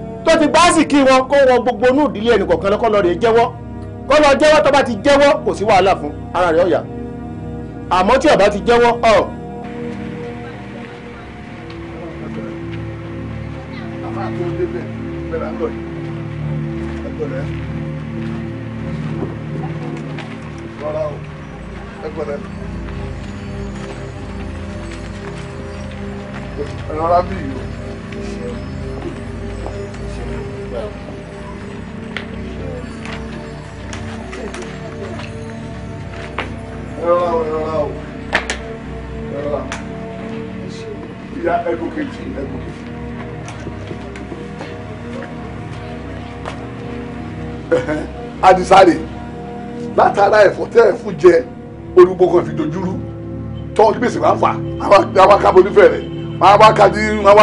tó ti gbáàsì kí wọn kó wọn gbogbo inú ìdílé ẹnì kọ̀ọ̀kan lọ́kọ́ lọ́ọ́ rẹ̀ jẹ́wọ́ kó lọ jẹ́wọ́ tó bá ti jẹ́wọ́ kò sí wàhálà fún ara rẹ̀ ọ̀yà àmọ́ tí ó bá ti jẹ́wọ́ ọ̀. Rárá bíi rọra o rọra o rọra ìyá ẹgbòkejì ẹgbòkejì. adisare látara ẹ̀fọ́ tẹ́ ẹ̀ fún jẹ olùgbò kan fi dojúrú tọ́ gbèsè máa ń fà àwọn akábọ̀ onífẹ̀ẹ́ rẹ̀ máa wá kájí máa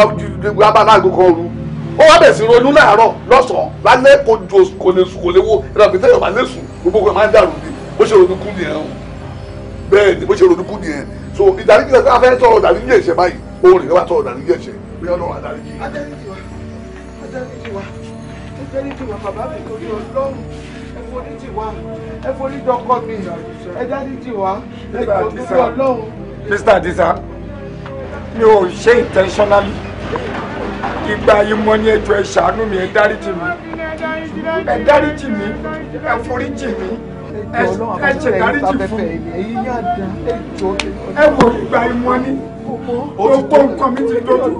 wá bá aláàgbò kan rú ó wá bẹ̀ sí ronú láàárọ̀ lọ́sàn-án lálẹ́ kò ju kò lè sùn kò lè wo ẹ̀rọ àgbẹ̀tẹ̀ yorùbá lè sùn gbogbo kan máa ń dàrú ni bó ṣe ronú kú nìyẹn o bẹ́ẹ̀ ni bó ṣe ronú kú nìyẹn so ìdaríjì ẹ̀sẹ̀ afẹ́ tọrọ ìdaríjì tọrọ ìdaríjì ẹ̀sẹ̀ bí ọlọ́run àdaríjì. adáríjì wa adáríjì wa adáríjì wa bàbá mi kò ní ọlọ́run ẹ forí jì wá ẹ forí dọ́kọ́ mi kò ní ọlọ́run. Mr ìgbà ìmọ̀ ni ẹjọ́ ẹ ṣàánú mi ẹ dáríjì mi ẹ dáríjì mi ẹ foríjì mi ẹ ṣe dáríjì fún mi ẹ wò ìgbà ìmọ̀ ni gbogbo nǹkan mi ti dojú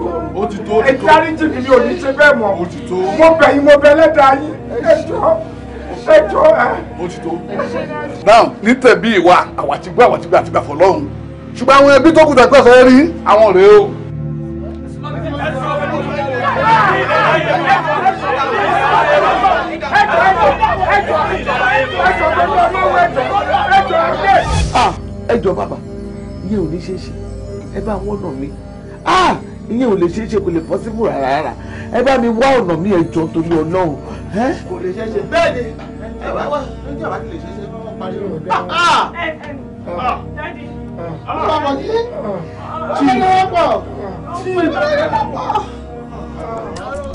ẹ dáríjì mi ni òní ṣe bẹ́ẹ̀ mọ̀ mo bẹ̀ yín mo bẹ̀ lẹ́dàá yín ẹ jọ̀ọ́ ṣẹjọ ẹ. ó ti tó. now ní tẹ̀bí ìwà àwàtígbà àwàtígbà àtìgbà fọlọ́run ṣùgbọ́n àwọn ẹbí tó kù tàbí ọ̀sán rí àwọn rèé o. Ah, ẹjọ bàbá ìyẹn ò ní ṣe é ṣe ẹ bá wọn ọ̀nà mi ah, ìyẹn ò lè ṣe é ṣe kò lè possible rárá rárá ẹ bá mi wá ọ̀nà mi ẹjọ torí ọlọ́run. kò lè ṣe é ṣe bẹ́ẹ̀ ni ẹ bá wá lójú àbá ti lè ṣe é ṣe fún wọn parí ọ̀rọ̀ bẹ́ẹ̀. Ah, ọmọ ọmọ yìí tí ìlú ọ̀pọ̀ tí ìlú ọ̀pọ̀.